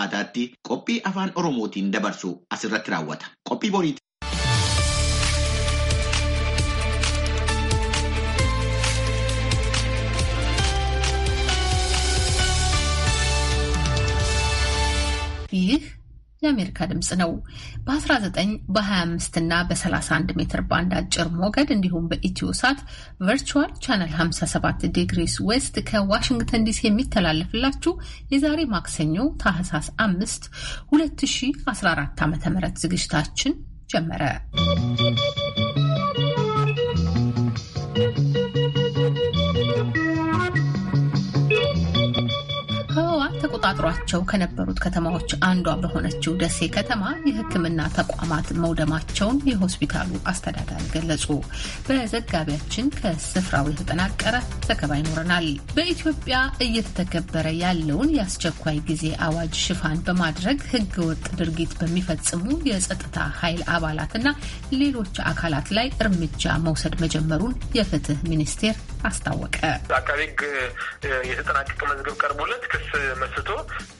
Aataatti qophii afaan Oromootiin dabarsu asirratti raawwata. Qophii የአሜሪካ ድምፅ ነው። በ19 በ25 እና በ31 ሜትር ባንድ አጭር ሞገድ እንዲሁም በኢትዮ ሳት ቨርቹዋል ቻነል 57 ዲግሪስ ዌስት ከዋሽንግተን ዲሲ የሚተላለፍላችሁ የዛሬ ማክሰኞ ታህሳስ 5 2014 ዓ ም ዝግጅታችን ጀመረ። ይኖሯቸው ከነበሩት ከተማዎች አንዷ በሆነችው ደሴ ከተማ የሕክምና ተቋማት መውደማቸውን የሆስፒታሉ አስተዳዳሪ ገለጹ። በዘጋቢያችን ከስፍራው የተጠናቀረ ዘገባ ይኖረናል። በኢትዮጵያ እየተተገበረ ያለውን የአስቸኳይ ጊዜ አዋጅ ሽፋን በማድረግ ወጥ ድርጊት በሚፈጽሙ የጸጥታ ኃይል አባላትና ሌሎች አካላት ላይ እርምጃ መውሰድ መጀመሩን የፍትህ ሚኒስቴር አስታወቀ። አቃቤ ሕግ የተጠናቀቀ መዝገብ ቀርቦለት ክስ መስቶ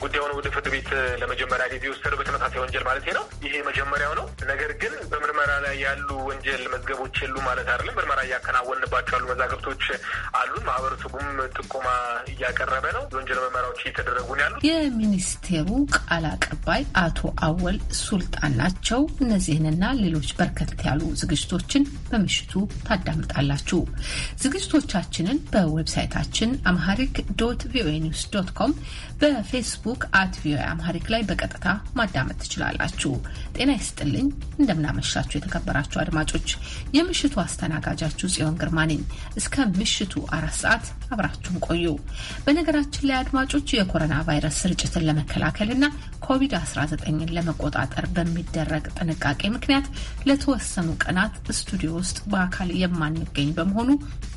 ጉዳዩን ወደ ፍርድ ቤት ለመጀመሪያ ጊዜ የወሰደው በተመሳሳይ ወንጀል ማለት ነው። ይሄ መጀመሪያው ነው። ነገር ግን በምርመራ ላይ ያሉ ወንጀል መዝገቦች የሉ ማለት አይደለም። ምርመራ እያከናወንባቸው ያሉ መዛግብቶች አሉን። ማህበረሰቡም ጥቆማ እያቀረበ ነው። የወንጀል ምርመራዎች እየተደረጉ ነው ያሉት የሚኒስቴሩ ቃል አቀባይ አቶ አወል ሱልጣን ናቸው። እነዚህንና ሌሎች በርከት ያሉ ዝግጅቶችን በምሽቱ ታዳምጣላችሁ። ዝግጅቶች ዝግጅቶቻችንን በዌብሳይታችን አምሃሪክ ዶት ቪኦኤ ኒውስ ዶት ኮም በፌስቡክ አት ቪኦኤ አምሃሪክ ላይ በቀጥታ ማዳመጥ ትችላላችሁ። ጤና ይስጥልኝ። እንደምናመሻችሁ የተከበራችሁ አድማጮች፣ የምሽቱ አስተናጋጃችሁ ጽዮን ግርማ ነኝ። እስከ ምሽቱ አራት ሰዓት አብራችሁን ቆዩ። በነገራችን ላይ አድማጮች የኮሮና ቫይረስ ስርጭትን ለመከላከልና ኮቪድ-19ን ለመቆጣጠር በሚደረግ ጥንቃቄ ምክንያት ለተወሰኑ ቀናት ስቱዲዮ ውስጥ በአካል የማንገኝ በመሆኑ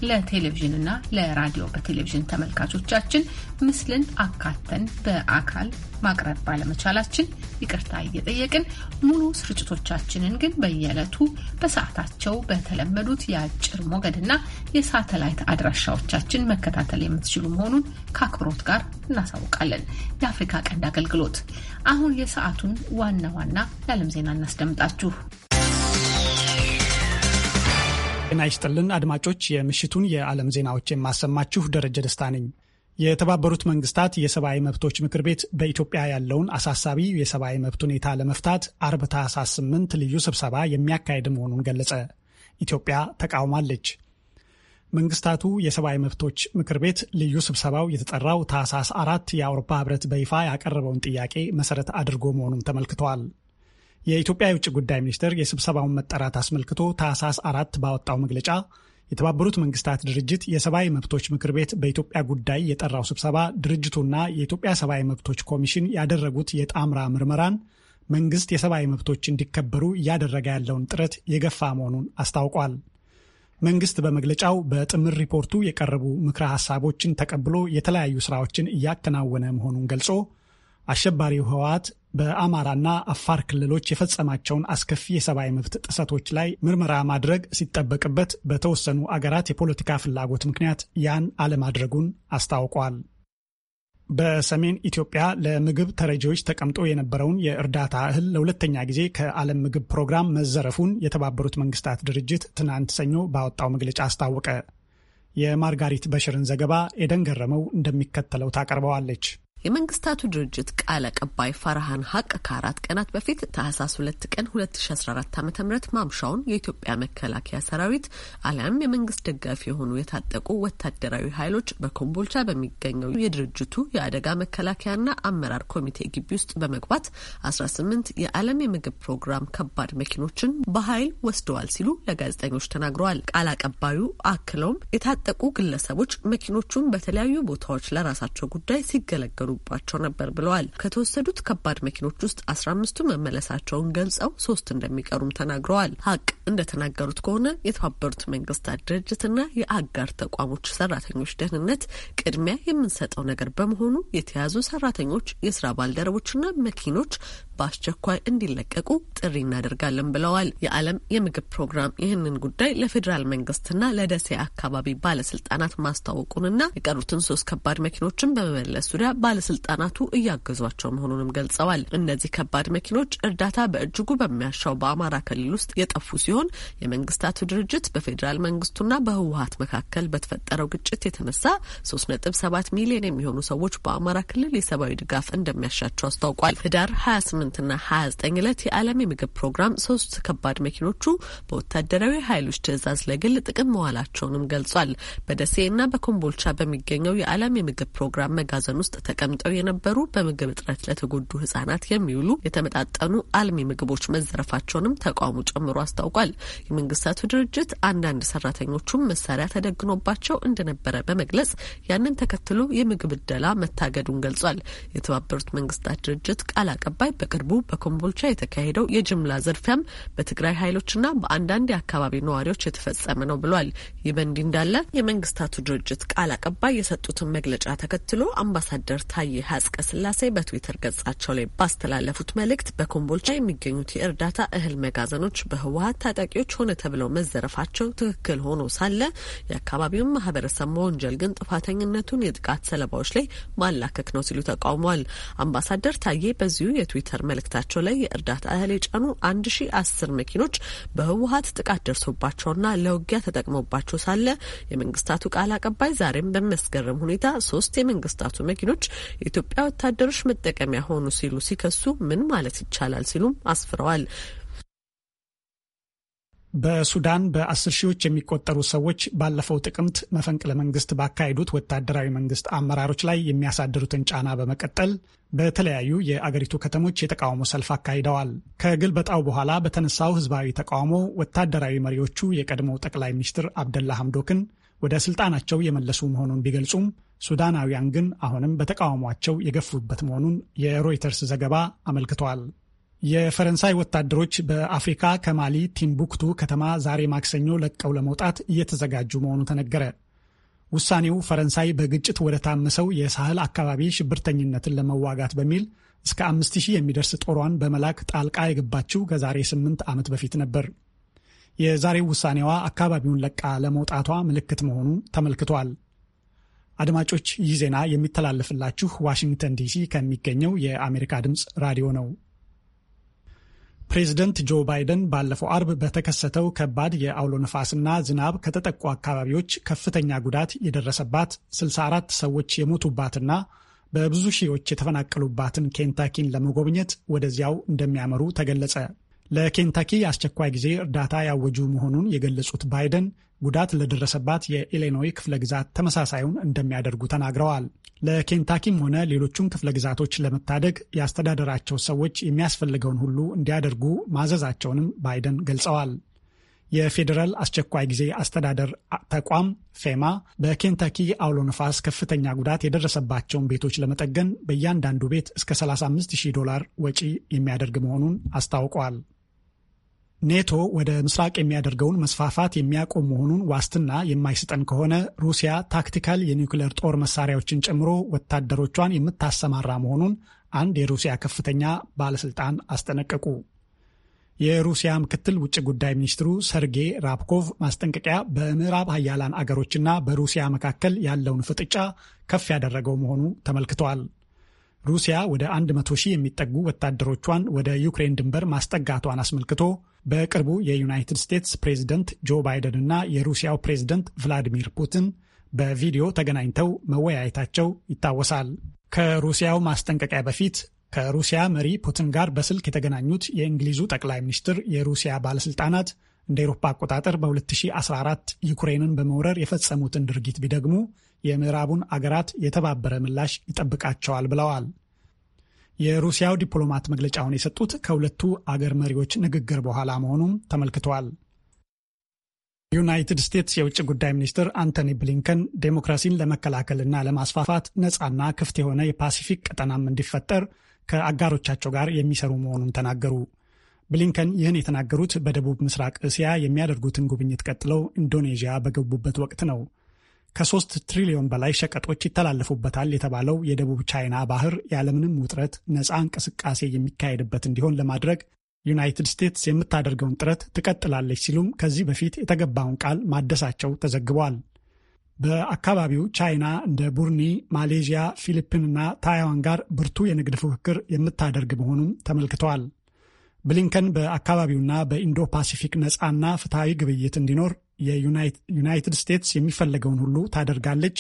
ለቴ ለቴሌቪዥን እና ለራዲዮ በቴሌቪዥን ተመልካቾቻችን ምስልን አካተን በአካል ማቅረብ ባለመቻላችን ይቅርታ እየጠየቅን ሙሉ ስርጭቶቻችንን ግን በየዕለቱ በሰዓታቸው በተለመዱት የአጭር ሞገድና የሳተላይት አድራሻዎቻችን መከታተል የምትችሉ መሆኑን ከአክብሮት ጋር እናሳውቃለን። የአፍሪካ ቀንድ አገልግሎት አሁን የሰዓቱን ዋና ዋና የዓለም ዜና እናስደምጣችሁ። ጤና ይስጥልን አድማጮች፣ የምሽቱን የዓለም ዜናዎች የማሰማችሁ ደረጀ ደስታ ነኝ። የተባበሩት መንግስታት የሰብአዊ መብቶች ምክር ቤት በኢትዮጵያ ያለውን አሳሳቢ የሰብአዊ መብት ሁኔታ ለመፍታት አርብ ታህሳስ 8 ልዩ ስብሰባ የሚያካሄድ መሆኑን ገለጸ። ኢትዮጵያ ተቃውማለች። መንግስታቱ የሰብአዊ መብቶች ምክር ቤት ልዩ ስብሰባው የተጠራው ታህሳስ አራት የአውሮፓ ህብረት በይፋ ያቀረበውን ጥያቄ መሰረት አድርጎ መሆኑም ተመልክተዋል። የኢትዮጵያ የውጭ ጉዳይ ሚኒስቴር የስብሰባውን መጠራት አስመልክቶ ታህሳስ አራት ባወጣው መግለጫ የተባበሩት መንግስታት ድርጅት የሰብአዊ መብቶች ምክር ቤት በኢትዮጵያ ጉዳይ የጠራው ስብሰባ ድርጅቱና የኢትዮጵያ ሰብአዊ መብቶች ኮሚሽን ያደረጉት የጣምራ ምርመራን መንግስት የሰብአዊ መብቶች እንዲከበሩ እያደረገ ያለውን ጥረት የገፋ መሆኑን አስታውቋል። መንግስት በመግለጫው በጥምር ሪፖርቱ የቀረቡ ምክረ ሀሳቦችን ተቀብሎ የተለያዩ ስራዎችን እያከናወነ መሆኑን ገልጾ አሸባሪው ህወሓት በአማራና አፋር ክልሎች የፈጸማቸውን አስከፊ የሰብአዊ መብት ጥሰቶች ላይ ምርመራ ማድረግ ሲጠበቅበት በተወሰኑ አገራት የፖለቲካ ፍላጎት ምክንያት ያን አለማድረጉን አስታውቋል። በሰሜን ኢትዮጵያ ለምግብ ተረጂዎች ተቀምጦ የነበረውን የእርዳታ እህል ለሁለተኛ ጊዜ ከዓለም ምግብ ፕሮግራም መዘረፉን የተባበሩት መንግስታት ድርጅት ትናንት ሰኞ ባወጣው መግለጫ አስታወቀ። የማርጋሪት በሽርን ዘገባ ኤደን ገረመው እንደሚከተለው ታቀርበዋለች። የመንግስታቱ ድርጅት ቃል አቀባይ ፈርሃን ሀቅ ከአራት ቀናት በፊት ታህሳስ ሁለት ቀን 2014 አመተ ም ማምሻውን የኢትዮጵያ መከላከያ ሰራዊት አሊያም የመንግስት ደጋፊ የሆኑ የታጠቁ ወታደራዊ ኃይሎች በኮምቦልቻ በሚገኘው የድርጅቱ የአደጋ መከላከያና አመራር ኮሚቴ ግቢ ውስጥ በመግባት 18 የዓለም የምግብ ፕሮግራም ከባድ መኪኖችን በኃይል ወስደዋል ሲሉ ለጋዜጠኞች ተናግረዋል። ቃል አቀባዩ አክለውም የታጠቁ ግለሰቦች መኪኖቹን በተለያዩ ቦታዎች ለራሳቸው ጉዳይ ሲገለገሉ ይጥሉባቸው ነበር ብለዋል። ከተወሰዱት ከባድ መኪኖች ውስጥ አስራ አምስቱ መመለሳቸውን ገልጸው ሶስት እንደሚቀሩም ተናግረዋል። ሀቅ እንደተናገሩት ከሆነ የተባበሩት መንግስታት ድርጅትና የአጋር ተቋሞች ሰራተኞች ደህንነት ቅድሚያ የምንሰጠው ነገር በመሆኑ የተያዙ ሰራተኞች፣ የስራ ባልደረቦችና መኪኖች በአስቸኳይ እንዲለቀቁ ጥሪ እናደርጋለን ብለዋል። የዓለም የምግብ ፕሮግራም ይህንን ጉዳይ ለፌዴራል መንግስትና ለደሴ አካባቢ ባለስልጣናት ማስታወቁንና የቀሩትን ሶስት ከባድ መኪኖችን በመመለስ ዙሪያ ባለ ባለስልጣናቱ እያገዟቸው መሆኑንም ገልጸዋል። እነዚህ ከባድ መኪኖች እርዳታ በእጅጉ በሚያሻው በአማራ ክልል ውስጥ የጠፉ ሲሆን የመንግስታቱ ድርጅት በፌዴራል መንግስቱና በህወሀት መካከል በተፈጠረው ግጭት የተነሳ ሶስት ነጥብ ሰባት ሚሊዮን የሚሆኑ ሰዎች በአማራ ክልል የሰብአዊ ድጋፍ እንደሚያሻቸው አስታውቋል። ህዳር ሀያ ና ሀያ ዘጠኝ እለት የዓለም የምግብ ፕሮግራም ሶስት ከባድ መኪኖቹ በወታደራዊ ኃይሎች ትዕዛዝ ለግል ጥቅም መዋላቸውንም ገልጿል። ና በኮምቦልቻ በሚገኘው የዓለም የምግብ ፕሮግራም መጋዘን ውስጥ ተቀም። ተቀምጠው የነበሩ በምግብ እጥረት ለተጎዱ ህጻናት የሚውሉ የተመጣጠኑ አልሚ ምግቦች መዘረፋቸውንም ተቋሙ ጨምሮ አስታውቋል። የመንግስታቱ ድርጅት አንዳንድ ሰራተኞቹም መሳሪያ ተደግኖባቸው እንደነበረ በመግለጽ ያንን ተከትሎ የምግብ እደላ መታገዱን ገልጿል። የተባበሩት መንግስታት ድርጅት ቃል አቀባይ በቅርቡ በኮምቦልቻ የተካሄደው የጅምላ ዘርፊያም በትግራይ ኃይሎችና በአንዳንድ የአካባቢ ነዋሪዎች የተፈጸመ ነው ብሏል። ይህ በእንዲህ እንዳለ የመንግስታቱ ድርጅት ቃል አቀባይ የሰጡትን መግለጫ ተከትሎ አምባሳደር ታ ታዬ ሀጽቀ ስላሴ በትዊተር ገጻቸው ላይ ባስተላለፉት መልእክት በኮምቦልቻ የሚገኙት የእርዳታ እህል መጋዘኖች በህወሀት ታጣቂዎች ሆነ ተብለው መዘረፋቸው ትክክል ሆኖ ሳለ የአካባቢውን ማህበረሰብ መወንጀል ግን ጥፋተኝነቱን የጥቃት ሰለባዎች ላይ ማላከክ ነው ሲሉ ተቃውመዋል። አምባሳደር ታዬ በዚሁ የትዊተር መልእክታቸው ላይ የእርዳታ እህል የጫኑ አንድ ሺ አስር መኪኖች በህወሀት ጥቃት ደርሶባቸውና ለውጊያ ተጠቅሞባቸው ሳለ የመንግስታቱ ቃል አቀባይ ዛሬም በሚያስገርም ሁኔታ ሶስት የመንግስታቱ መኪኖች የኢትዮጵያ ወታደሮች መጠቀሚያ ሆኑ ሲሉ ሲከሱ ምን ማለት ይቻላል ሲሉም አስፍረዋል። በሱዳን በአስር ሺዎች የሚቆጠሩ ሰዎች ባለፈው ጥቅምት መፈንቅለ መንግስት ባካሄዱት ወታደራዊ መንግስት አመራሮች ላይ የሚያሳድሩትን ጫና በመቀጠል በተለያዩ የአገሪቱ ከተሞች የተቃውሞ ሰልፍ አካሂደዋል። ከግልበጣው በኋላ በተነሳው ህዝባዊ ተቃውሞ ወታደራዊ መሪዎቹ የቀድሞ ጠቅላይ ሚኒስትር አብደላ ሐምዶክን ወደ ስልጣናቸው የመለሱ መሆኑን ቢገልጹም ሱዳናውያን ግን አሁንም በተቃውሟቸው የገፉበት መሆኑን የሮይተርስ ዘገባ አመልክቷል። የፈረንሳይ ወታደሮች በአፍሪካ ከማሊ ቲምቡክቱ ከተማ ዛሬ ማክሰኞ ለቀው ለመውጣት እየተዘጋጁ መሆኑ ተነገረ። ውሳኔው ፈረንሳይ በግጭት ወደ ታመሰው የሳህል አካባቢ ሽብርተኝነትን ለመዋጋት በሚል እስከ አምስት ሺህ የሚደርስ ጦሯን በመላክ ጣልቃ የገባችው ከዛሬ ስምንት ዓመት በፊት ነበር። የዛሬው ውሳኔዋ አካባቢውን ለቃ ለመውጣቷ ምልክት መሆኑ ተመልክቷል። አድማጮች ይህ ዜና የሚተላለፍላችሁ ዋሽንግተን ዲሲ ከሚገኘው የአሜሪካ ድምፅ ራዲዮ ነው። ፕሬዝደንት ጆ ባይደን ባለፈው አርብ በተከሰተው ከባድ የአውሎ ነፋስና ዝናብ ከተጠቁ አካባቢዎች ከፍተኛ ጉዳት የደረሰባት 64 ሰዎች የሞቱባትና በብዙ ሺዎች የተፈናቀሉባትን ኬንታኪን ለመጎብኘት ወደዚያው እንደሚያመሩ ተገለጸ። ለኬንታኪ አስቸኳይ ጊዜ እርዳታ ያወጁ መሆኑን የገለጹት ባይደን ጉዳት ለደረሰባት የኢሌኖይ ክፍለ ግዛት ተመሳሳዩን እንደሚያደርጉ ተናግረዋል። ለኬንታኪም ሆነ ሌሎቹን ክፍለ ግዛቶች ለመታደግ የአስተዳደራቸው ሰዎች የሚያስፈልገውን ሁሉ እንዲያደርጉ ማዘዛቸውንም ባይደን ገልጸዋል። የፌዴራል አስቸኳይ ጊዜ አስተዳደር ተቋም ፌማ በኬንታኪ አውሎ ነፋስ ከፍተኛ ጉዳት የደረሰባቸውን ቤቶች ለመጠገን በእያንዳንዱ ቤት እስከ 35000 ዶላር ወጪ የሚያደርግ መሆኑን አስታውቋል። ኔቶ ወደ ምስራቅ የሚያደርገውን መስፋፋት የሚያቆም መሆኑን ዋስትና የማይሰጠን ከሆነ ሩሲያ ታክቲካል የኒውክሌር ጦር መሳሪያዎችን ጨምሮ ወታደሮቿን የምታሰማራ መሆኑን አንድ የሩሲያ ከፍተኛ ባለስልጣን አስጠነቀቁ። የሩሲያ ምክትል ውጭ ጉዳይ ሚኒስትሩ ሰርጌይ ራብኮቭ ማስጠንቀቂያ በምዕራብ ሀያላን አገሮችና በሩሲያ መካከል ያለውን ፍጥጫ ከፍ ያደረገው መሆኑ ተመልክተዋል። ሩሲያ ወደ 100 ሺህ የሚጠጉ ወታደሮቿን ወደ ዩክሬን ድንበር ማስጠጋቷን አስመልክቶ በቅርቡ የዩናይትድ ስቴትስ ፕሬዝደንት ጆ ባይደን እና የሩሲያው ፕሬዝደንት ቭላዲሚር ፑቲን በቪዲዮ ተገናኝተው መወያየታቸው ይታወሳል። ከሩሲያው ማስጠንቀቂያ በፊት ከሩሲያ መሪ ፑቲን ጋር በስልክ የተገናኙት የእንግሊዙ ጠቅላይ ሚኒስትር የሩሲያ ባለስልጣናት እንደ ኤሮፓ አቆጣጠር በ2014 ዩክሬንን በመውረር የፈጸሙትን ድርጊት ቢደግሙ የምዕራቡን አገራት የተባበረ ምላሽ ይጠብቃቸዋል ብለዋል። የሩሲያው ዲፕሎማት መግለጫውን የሰጡት ከሁለቱ አገር መሪዎች ንግግር በኋላ መሆኑም ተመልክተዋል። ዩናይትድ ስቴትስ የውጭ ጉዳይ ሚኒስትር አንቶኒ ብሊንከን ዴሞክራሲን ለመከላከልና ለማስፋፋት ነፃና ክፍት የሆነ የፓሲፊክ ቀጠናም እንዲፈጠር ከአጋሮቻቸው ጋር የሚሰሩ መሆኑን ተናገሩ። ብሊንከን ይህን የተናገሩት በደቡብ ምስራቅ እስያ የሚያደርጉትን ጉብኝት ቀጥለው ኢንዶኔዥያ በገቡበት ወቅት ነው። ከሶስት ትሪሊዮን በላይ ሸቀጦች ይተላለፉበታል የተባለው የደቡብ ቻይና ባህር ያለምንም ውጥረት ነፃ እንቅስቃሴ የሚካሄድበት እንዲሆን ለማድረግ ዩናይትድ ስቴትስ የምታደርገውን ጥረት ትቀጥላለች ሲሉም ከዚህ በፊት የተገባውን ቃል ማደሳቸው ተዘግቧል። በአካባቢው ቻይና እንደ ቡርኒ፣ ማሌዥያ፣ ፊሊፒንና ታይዋን ጋር ብርቱ የንግድ ፉክክር የምታደርግ መሆኑም ተመልክተዋል። ብሊንከን በአካባቢውና በኢንዶ ፓሲፊክ ነፃና ፍትሐዊ ግብይት እንዲኖር የዩናይትድ ስቴትስ የሚፈለገውን ሁሉ ታደርጋለች፣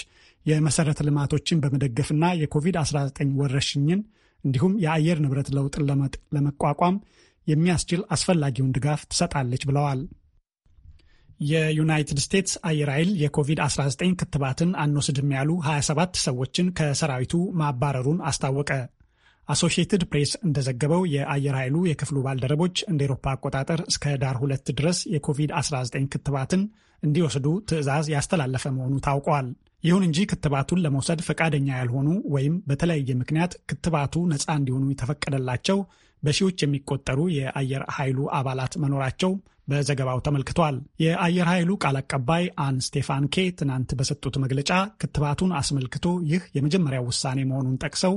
የመሰረተ ልማቶችን በመደገፍና የኮቪድ-19 ወረርሽኝን እንዲሁም የአየር ንብረት ለውጥን ለመቋቋም የሚያስችል አስፈላጊውን ድጋፍ ትሰጣለች ብለዋል። የዩናይትድ ስቴትስ አየር ኃይል የኮቪድ-19 ክትባትን አንወስድም ያሉ 27 ሰዎችን ከሰራዊቱ ማባረሩን አስታወቀ። አሶሽየትድ ፕሬስ እንደዘገበው የአየር ኃይሉ የክፍሉ ባልደረቦች እንደ ኤሮፓ አቆጣጠር እስከ ዳር ሁለት ድረስ የኮቪድ-19 ክትባትን እንዲወስዱ ትዕዛዝ ያስተላለፈ መሆኑ ታውቋል። ይሁን እንጂ ክትባቱን ለመውሰድ ፈቃደኛ ያልሆኑ ወይም በተለያየ ምክንያት ክትባቱ ነፃ እንዲሆኑ የተፈቀደላቸው በሺዎች የሚቆጠሩ የአየር ኃይሉ አባላት መኖራቸው በዘገባው ተመልክቷል። የአየር ኃይሉ ቃል አቀባይ አን ስቴፋን ኬ ትናንት በሰጡት መግለጫ ክትባቱን አስመልክቶ ይህ የመጀመሪያው ውሳኔ መሆኑን ጠቅሰው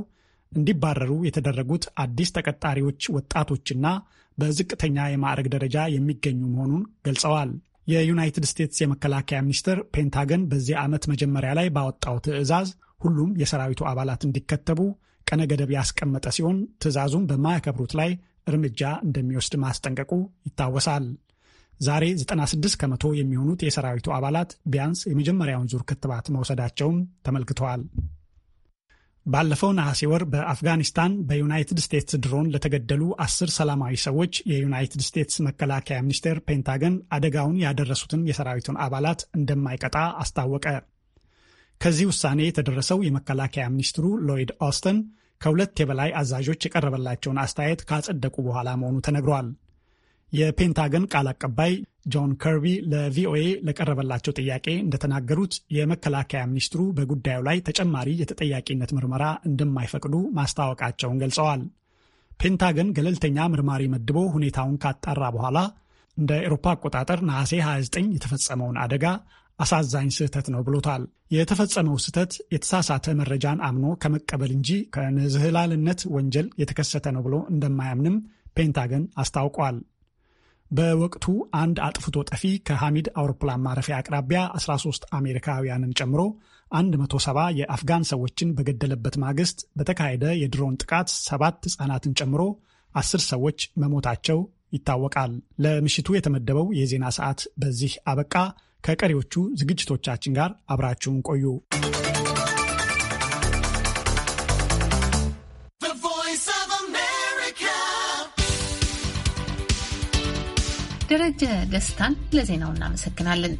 እንዲባረሩ የተደረጉት አዲስ ተቀጣሪዎች ወጣቶችና በዝቅተኛ የማዕረግ ደረጃ የሚገኙ መሆኑን ገልጸዋል። የዩናይትድ ስቴትስ የመከላከያ ሚኒስቴር ፔንታገን በዚህ ዓመት መጀመሪያ ላይ ባወጣው ትዕዛዝ ሁሉም የሰራዊቱ አባላት እንዲከተቡ ቀነ ገደብ ያስቀመጠ ሲሆን ትዕዛዙን በማያከብሩት ላይ እርምጃ እንደሚወስድ ማስጠንቀቁ ይታወሳል። ዛሬ 96 ከመቶ የሚሆኑት የሰራዊቱ አባላት ቢያንስ የመጀመሪያውን ዙር ክትባት መውሰዳቸውም ተመልክተዋል። ባለፈው ነሐሴ ወር በአፍጋኒስታን በዩናይትድ ስቴትስ ድሮን ለተገደሉ አስር ሰላማዊ ሰዎች የዩናይትድ ስቴትስ መከላከያ ሚኒስቴር ፔንታገን አደጋውን ያደረሱትን የሰራዊቱን አባላት እንደማይቀጣ አስታወቀ። ከዚህ ውሳኔ የተደረሰው የመከላከያ ሚኒስትሩ ሎይድ ኦስተን ከሁለት የበላይ አዛዦች የቀረበላቸውን አስተያየት ካጸደቁ በኋላ መሆኑ ተነግሯል። የፔንታገን ቃል አቀባይ ጆን ከርቢ ለቪኦኤ ለቀረበላቸው ጥያቄ እንደተናገሩት የመከላከያ ሚኒስትሩ በጉዳዩ ላይ ተጨማሪ የተጠያቂነት ምርመራ እንደማይፈቅዱ ማስታወቃቸውን ገልጸዋል። ፔንታገን ገለልተኛ ምርማሪ መድቦ ሁኔታውን ካጣራ በኋላ እንደ ኤሮፓ አቆጣጠር ነሐሴ 29 የተፈጸመውን አደጋ አሳዛኝ ስህተት ነው ብሎታል። የተፈጸመው ስህተት የተሳሳተ መረጃን አምኖ ከመቀበል እንጂ ከንዝህላልነት ወንጀል የተከሰተ ነው ብሎ እንደማያምንም ፔንታገን አስታውቋል። በወቅቱ አንድ አጥፍቶ ጠፊ ከሐሚድ አውሮፕላን ማረፊያ አቅራቢያ 13 አሜሪካውያንን ጨምሮ 170 የአፍጋን ሰዎችን በገደለበት ማግስት በተካሄደ የድሮን ጥቃት ሰባት ሕፃናትን ጨምሮ አስር ሰዎች መሞታቸው ይታወቃል። ለምሽቱ የተመደበው የዜና ሰዓት በዚህ አበቃ። ከቀሪዎቹ ዝግጅቶቻችን ጋር አብራችሁን ቆዩ። ደረጀ ደስታን ለዜናው እናመሰግናለን።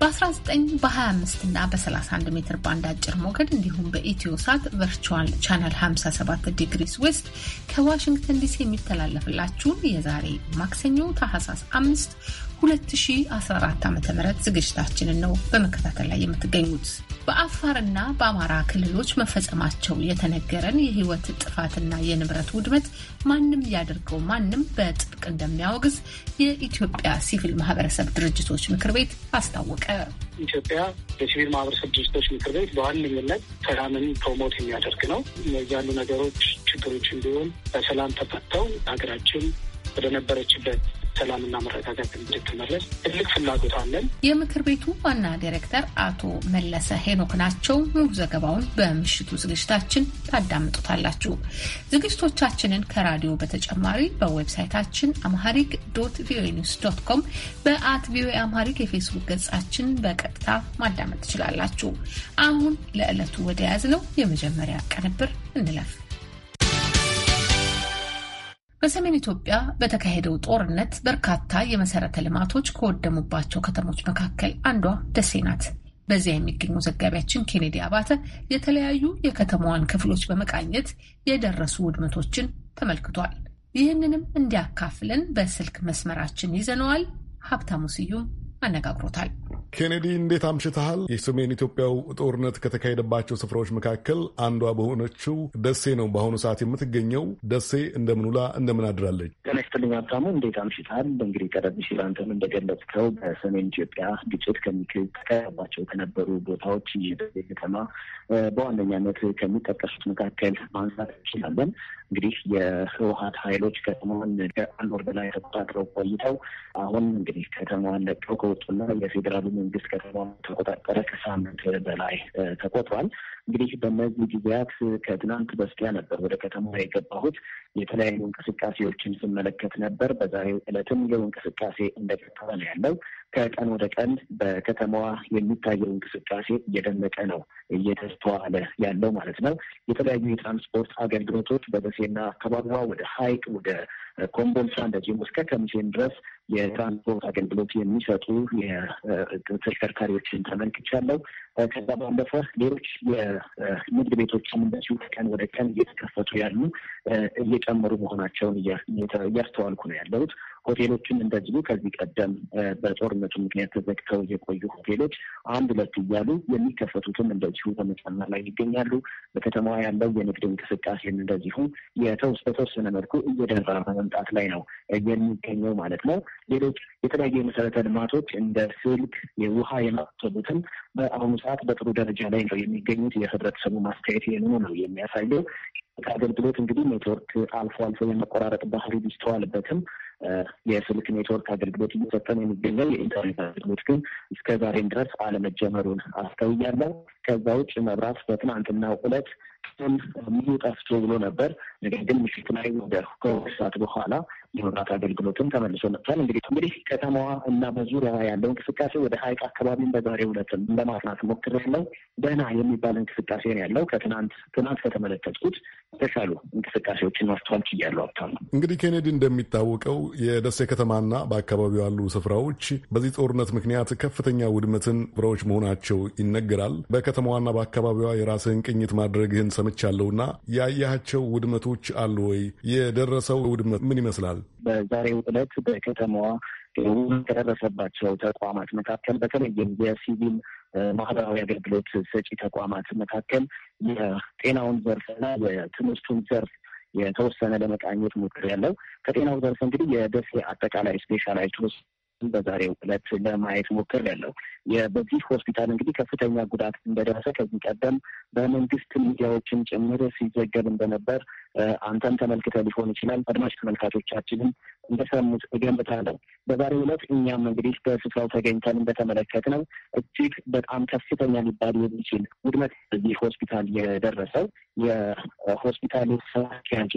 በ19 በ25 እና በ31 ሜትር ባንድ አጭር ሞገድ እንዲሁም በኢትዮ ሳት ቨርቹዋል ቻናል 57 ዲግሪስ ዌስት ከዋሽንግተን ዲሲ የሚተላለፍላችሁን የዛሬ ማክሰኞ ታህሳስ 5 2014 ዓ ም ዝግጅታችንን ነው በመከታተል ላይ የምትገኙት። በአፋርና በአማራ ክልሎች መፈጸማቸው የተነገረን የህይወት ጥፋትና የንብረት ውድመት ማንም ያደርገው ማንም በጥብቅ እንደሚያወግዝ የኢትዮጵያ ሲቪል ማህበረሰብ ድርጅቶች ምክር ቤት አስታወቀ። ኢትዮጵያ የሲቪል ማህበረሰብ ድርጅቶች ምክር ቤት በዋነኝነት ሰላምን ፕሮሞት የሚያደርግ ነው። እነዚህ ያሉ ነገሮች ችግሮች እንዲሆን በሰላም ተፈተው ሀገራችን ወደነበረችበት ሰላምና መረጋጋት እንድትመለስ ትልቅ ፍላጎት አለን። የምክር ቤቱ ዋና ዲሬክተር አቶ መለሰ ሄኖክ ናቸው። ሙሉ ዘገባውን በምሽቱ ዝግጅታችን ታዳምጡታላችሁ። ዝግጅቶቻችንን ከራዲዮ በተጨማሪ በዌብሳይታችን አምሃሪክ ዶት ቪኦኤ ኒውስ ዶት ኮም በአት ቪኦኤ አምሃሪክ የፌስቡክ ገጻችን በቀጥታ ማዳመጥ ትችላላችሁ። አሁን ለዕለቱ ወደ ያዝነው የመጀመሪያ ቅንብር እንለፍ። በሰሜን ኢትዮጵያ በተካሄደው ጦርነት በርካታ የመሰረተ ልማቶች ከወደሙባቸው ከተሞች መካከል አንዷ ደሴ ናት። በዚያ የሚገኘው ዘጋቢያችን ኬኔዲ አባተ የተለያዩ የከተማዋን ክፍሎች በመቃኘት የደረሱ ውድመቶችን ተመልክቷል። ይህንንም እንዲያካፍለን በስልክ መስመራችን ይዘነዋል። ሀብታሙ ስዩም አነጋግሮታል። ኬኔዲ እንዴት አምሽተሃል? የሰሜን ኢትዮጵያው ጦርነት ከተካሄደባቸው ስፍራዎች መካከል አንዷ በሆነችው ደሴ ነው በአሁኑ ሰዓት የምትገኘው። ደሴ እንደምንውላ እንደምን አድራለች? ጤና ይስጥልኝ ሀብታሙ፣ እንዴት አምሽተሃል? እንግዲህ ቀደም ሲል አንተም እንደገለጽከው በሰሜን ኢትዮጵያ ግጭት ከሚካሄድባቸው ከነበሩ ቦታዎች የደሴ ከተማ በዋነኛነት ከሚጠቀሱት መካከል ማንሳት እንችላለን። እንግዲህ የህወሀት ኃይሎች ከተማዋን ከአንድ ወር በላይ ተቆጣጥረው ቆይተው አሁን እንግዲህ ከተማዋን ለቀው ከወጡና የፌዴራሉ መንግስት ከተማዋን ተቆጣጠረ ከሳምንት በላይ ተቆጥሯል። እንግዲህ በእነዚህ ጊዜያት ከትናንት በስቲያ ነበር ወደ ከተማ የገባሁት። የተለያዩ እንቅስቃሴዎችን ስመለከት ነበር። በዛሬው ዕለትም ይኸው እንቅስቃሴ እንደቀጠለ ነው ያለው። ከቀን ወደ ቀን በከተማዋ የሚታየው እንቅስቃሴ እየደመቀ ነው እየተስተዋለ ያለው ማለት ነው። የተለያዩ የትራንስፖርት አገልግሎቶች በደሴና አካባቢዋ ወደ ሀይቅ፣ ወደ ኮምቦልቻ እንደዚሁም እስከ ከሚሴን ድረስ የትራንስፖርት አገልግሎት የሚሰጡ የተሽከርካሪዎችን ተመልክቻለሁ። ከዛ ባለፈ ሌሎች የንግድ ቤቶችም እንደዚሁ ከቀን ወደ ቀን እየተከፈቱ ያሉ እየጨመሩ መሆናቸውን እያስተዋልኩ ነው ያለሁት። ሆቴሎችን እንደዚሁ ከዚህ ቀደም በጦርነቱ ምክንያት ተዘግተው የቆዩ ሆቴሎች አንድ ሁለት እያሉ የሚከፈቱትም እንደዚሁ በመጨመር ላይ ይገኛሉ። በከተማዋ ያለው የንግድ እንቅስቃሴም እንደዚሁ በተወሰነ መልኩ እየደራ በመምጣት ላይ ነው የሚገኘው ማለት ነው። ሌሎች የተለያዩ የመሰረተ ልማቶች እንደ ስልክ፣ የውሃ የመሳሰሉትም በአሁኑ ሰዓት በጥሩ ደረጃ ላይ ነው የሚገኙት። የህብረተሰቡ ማስተያየት ነው የሚያሳየው። ከአገልግሎት እንግዲህ ኔትወርክ አልፎ አልፎ የመቆራረጥ ባህሪ ቢስተዋልበትም የስልክ ኔትወርክ አገልግሎት እየሰጠን የሚገኘው የኢንተርኔት አገልግሎት ግን እስከ ዛሬም ድረስ አለመጀመሩን አስተውያለሁ። ከዛ ውጭ መብራት በትናንትናው ዕለት ሙሉ ጠፍቶ ብሎ ነበር። ነገር ግን ምሽት ላይ ወደ ከሁለት ሰዓት በኋላ የመብራት አገልግሎትም ተመልሶ መጥቷል። እንግዲህ እንግዲህ ከተማዋ እና በዙሪያዋ ያለው እንቅስቃሴ ወደ ሀይቅ አካባቢም በዛሬው ዕለትም ለማጥናት ሞክሬያለሁ። ደህና የሚባል እንቅስቃሴ ነው ያለው። ከትናንት ትናንት ከተመለከትኩት የተሻሉ እንቅስቃሴዎችን ማስተዋል ችያለሁ። ሀብታሙ እንግዲህ ኬኔዲ እንደሚታወቀው የደሴ ከተማና በአካባቢው ያሉ ስፍራዎች በዚህ ጦርነት ምክንያት ከፍተኛ ውድመትን ስፍራዎች መሆናቸው ይነገራል። በከተማዋና በአካባቢዋ የራስህን ቅኝት ማድረግህን መሆንህን ሰምቻለሁና ያያቸው ውድመቶች አሉ ወይ? የደረሰው ውድመት ምን ይመስላል? በዛሬው ዕለት በከተማዋ ከደረሰባቸው ተቋማት መካከል በተለይም የሲቪል ማህበራዊ አገልግሎት ሰጪ ተቋማት መካከል የጤናውን ዘርፍና የትምህርቱን ዘርፍ የተወሰነ ለመቃኘት ሞክር ያለው ከጤናው ዘርፍ እንግዲህ የደሴ አጠቃላይ ስፔሻላይት ውስጥ በዛሬው ዕለት ለማየት ሞክር ያለው በዚህ ሆስፒታል እንግዲህ ከፍተኛ ጉዳት እንደደረሰ ከዚህ ቀደም በመንግስት ሚዲያዎችን ጭምር ሲዘገብ እንደነበር አንተም ተመልክተ ሊሆን ይችላል። አድማጭ ተመልካቾቻችንም እንደሰሙት እገምታለሁ። በዛሬው ዕለት እኛም እንግዲህ በስፍራው ተገኝተን እንደተመለከትነው እጅግ በጣም ከፍተኛ ሊባል የሚችል ውድመት በዚህ ሆስፒታል የደረሰው የሆስፒታሉ ስራ አስኪያጅ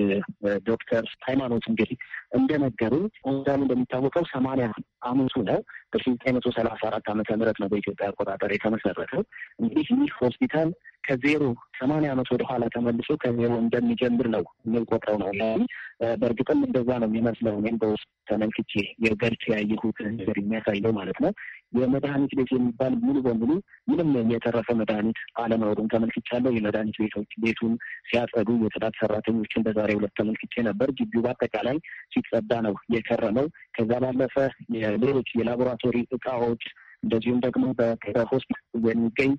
ዶክተር ሃይማኖት እንግዲህ እንደነገሩ ሆስፒታሉ እንደሚታወቀው ሰማንያ አመቱ ነው። በሺ ዘጠኝ መቶ ሰላሳ አራት ዓመተ ምህረት ነው በኢትዮጵያ አቆጣጠር የተመሰረተው። እንግዲህ ይህ ሆስፒታል ከዜሮ ሰማንያ ዓመት ወደኋላ ተመልሶ ከዜሮ እንደሚጀምር ነው የምንቆጥረው ነው። በእርግጥም እንደዛ ነው የሚመስለው። እኔም በውስጥ ተመልክቼ የገርች ያየሁት ነገር የሚያሳየው ማለት ነው። የመድኃኒት ቤት የሚባል ሙሉ በሙሉ ምንም የተረፈ መድኃኒት አለመኖሩን ተመልክቻለሁ። የመድኃኒት ቤቶች ቤቱን ሲያጸዱ የጽዳት ሰራተኞችን በዛሬው ሁለት ተመልክቼ ነበር። ግቢው በአጠቃላይ ሲጸዳ ነው የከረመው። ከዛ ባለፈ የሌሎች የላቦራቶሪ እቃዎች እንደዚሁም ደግሞ በሆስፒታል የሚገኝ